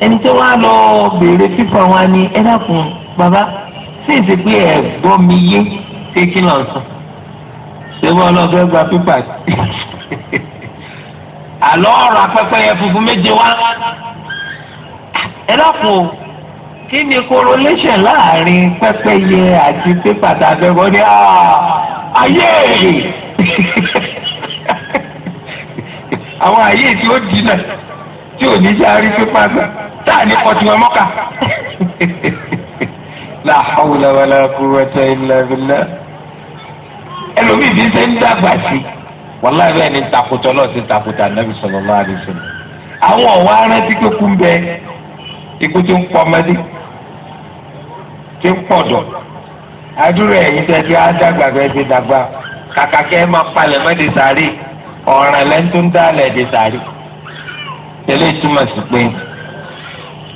ẹni tí wọ́n lọ béèrè fífa wa ni ẹ dákun bàbá sí ìsìnkú ẹ gbọ́ mi yé ṣé lọ sọ ṣé wọ́n lọ fẹ́ gba pépà [LAUGHS] àlọ́ ọ̀rọ̀ apẹ́pẹ́yẹ funfun méje wa ẹ dákun kí ni correlation láàrin pẹ́pẹ́yẹ àti pépà tàbí ẹ̀gbọ́n ní ààyè. Ah, [LAUGHS] àwọn àyè tí ó dínà tí ò ní sáré pípa gbà tá à ní kọtù wọn mọ́kà. [LAUGHS] la hawla wala quwwata illa billah ẹlòmíì bí ṣe ń dàgbà sí wàláhì bẹ́ẹ̀ ni takùtọ̀ lọ́ọ̀ sí takùtà nàbì sallallahu alaihi wasallam àwọn ọ̀wá arántí tó kú ń bẹ ikú tó ń pọ̀ ọmọdé tó ń pọ̀ dọ̀ adúrò ẹ̀yìn tẹ́tí á dàgbà bẹ́ẹ̀ ti dàgbà. kàkà kẹ́ ẹ máa palẹ̀ mọ́ di sàárì ọ̀ràn lẹ́ńtó ń dálẹ̀ di sàárì tẹ́lẹ̀ túmọ̀ sí pé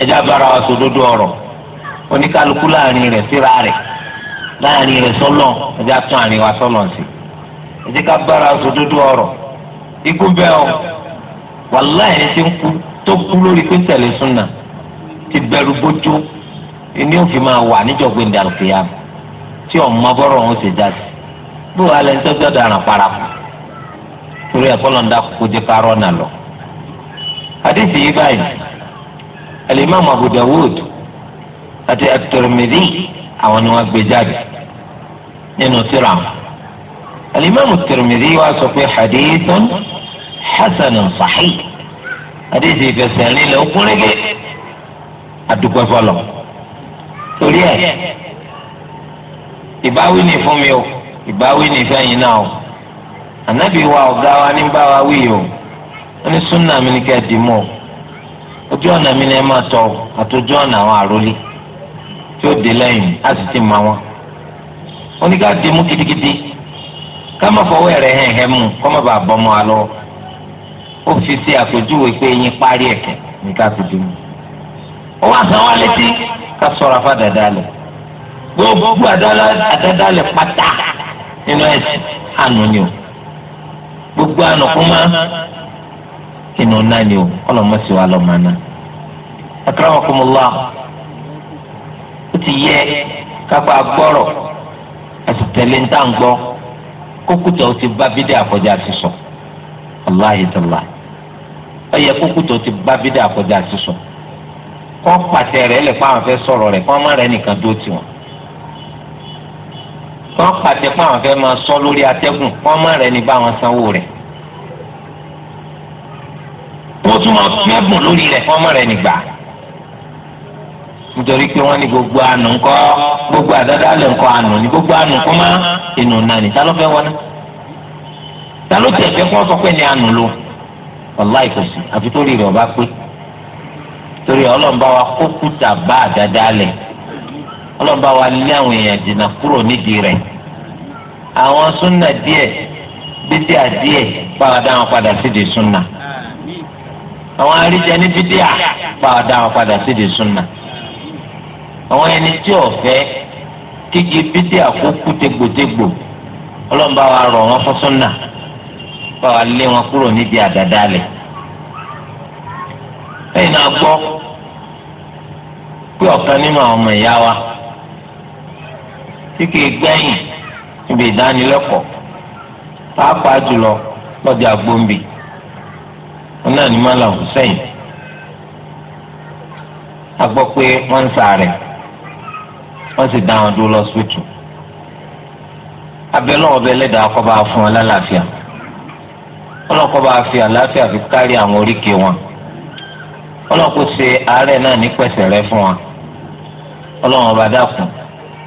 ẹja bára wa sòdodo ọ̀rọ̀ oníkálukú láàrin rẹ̀ síra rẹ̀ láàrin rẹ̀ ẹja tún wa sí ẹjẹ́ ká bára wa sòdodo ọ̀rọ̀ ikú ẹni tí ń kú tó kú lórí pé tẹ̀lé súnà ti bẹ̀rù bójú ẹni bó alẹ́ ń tọ́jú ọ̀daràn paraku torí ẹ̀kọ́ lọ́n dá kókó jẹ́ kárọ́ náà lọ. hadith yìí báyìí alimami Abu Dawud àti at-Tirmidhi àwọn ni wọ́n gbé jáde nínú tírà wọn. alimami at-Tirmidhi wá sọ pé hadithun hasanun sahih hadith yìí fẹsẹ̀ nílẹ̀ okúnrẹ́gẹ́ adúpẹ́ fọlọ́ torí ẹ̀ ìbáwí ni fún mi o. ìbáwí nìfẹ́ na náà o ànábì wa ọ̀gá wa ní bá wa wí onye wọ́n ní súnà mi ní mọ́ o ojú ọ̀nà mi ní ẹ máa tọ̀ àtòjú ọ̀nà àwọn tí ó dé lẹ́yìn á sì wọn wọ́n ní ká mú kitikiti ká má fọwọ́ ẹ̀rẹ̀ hẹ̀ hẹ̀ mú má bàa ó fi àpèjúwe pé parí ẹ̀kẹ́ ní ká fi ó wá sàn wá létí ká sọ̀rọ̀ afá nínú ẹ̀sìn àánú ni o gbogbo àánú inú o ọlọ́mọ sì wà lọ́mọ ó ti yẹ kápá gbọrọ àti tẹ̀lé kókútà ó ti bá bídẹ́ àkọjá sọ aláhi ó yẹ kókútà ó ti bá sọ kọ́ pàtẹ àwọn sọ̀rọ̀ kọ́ ọmọ nìkan wọ́n pàṣẹ pé sọ lórí má ní bá wọn sanwó rẹ̀ wọ́n tún máa fún ẹ̀bùn lórí má nítorí pé ní gbogbo àánú gbogbo àdáda lè àánú ní gbogbo àánú má náà ní wọná pé wa kó kúta bá àdáda ọlọ́ba wa lé àwọn èèyàn na kúrò nídìí rẹ̀ àwọn súnà díẹ̀ bídíà díẹ̀ pàdà wọn padà sídìí súnà àwọn àríjẹ ní bídíà wọn padà sídìí súnà àwọn ẹni tí ò fẹ́ kíkí bídíà kó kú tegbòtegbò ọlọ́ba wa rọ̀ fún súnà wa lé wọn kúrò nídìí àdàdà lẹ̀ náà gbọ́ pé tí kìí gbẹ̀yìn níbi ìdánilẹ́kọ̀ọ́ pàápàá jùlọ lọ́dẹ wọn náà ní a gbọ́ pé wọ́n ń sàárẹ̀ wọ́n sì dá wọn dúró lọ́sítù abẹ́lẹ́ ọ̀bẹ ẹlẹ́dàá kọ́ba fún wọn lálàáfíà ọlọ́kọ́ba fi àlàáfíà fi kárí àwọn oríkèé wọn ọlọ́kọ́ ṣe àárẹ̀ náà ní rẹ fún wọn ọlọ́wọ́n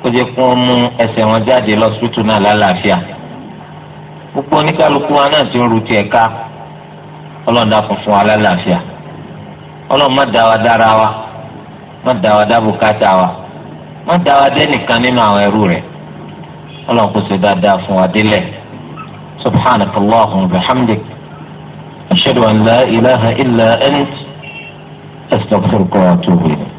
kó jẹ́ kí wọ́n mú ẹsẹ̀ wọn jáde lọ́sítútù náà lálàáfíà gbogbo oníkálukú wa náà ti ń ru tiẹ̀ ká ọlọ́ọ̀dà funfun wa lálàáfíà ọlọ́ọ̀ má dá wa dára wa má dá wa dá bùkátà wa má dá wa dé nínú àwọn ẹrú rẹ̀ ọlọ́ọ̀ kó ṣe dáadáa fún wa délẹ̀ subhanaka allahumma bihamdik ashhadu an la ilaha illa ant astaghfiruka wa atubu ilayk.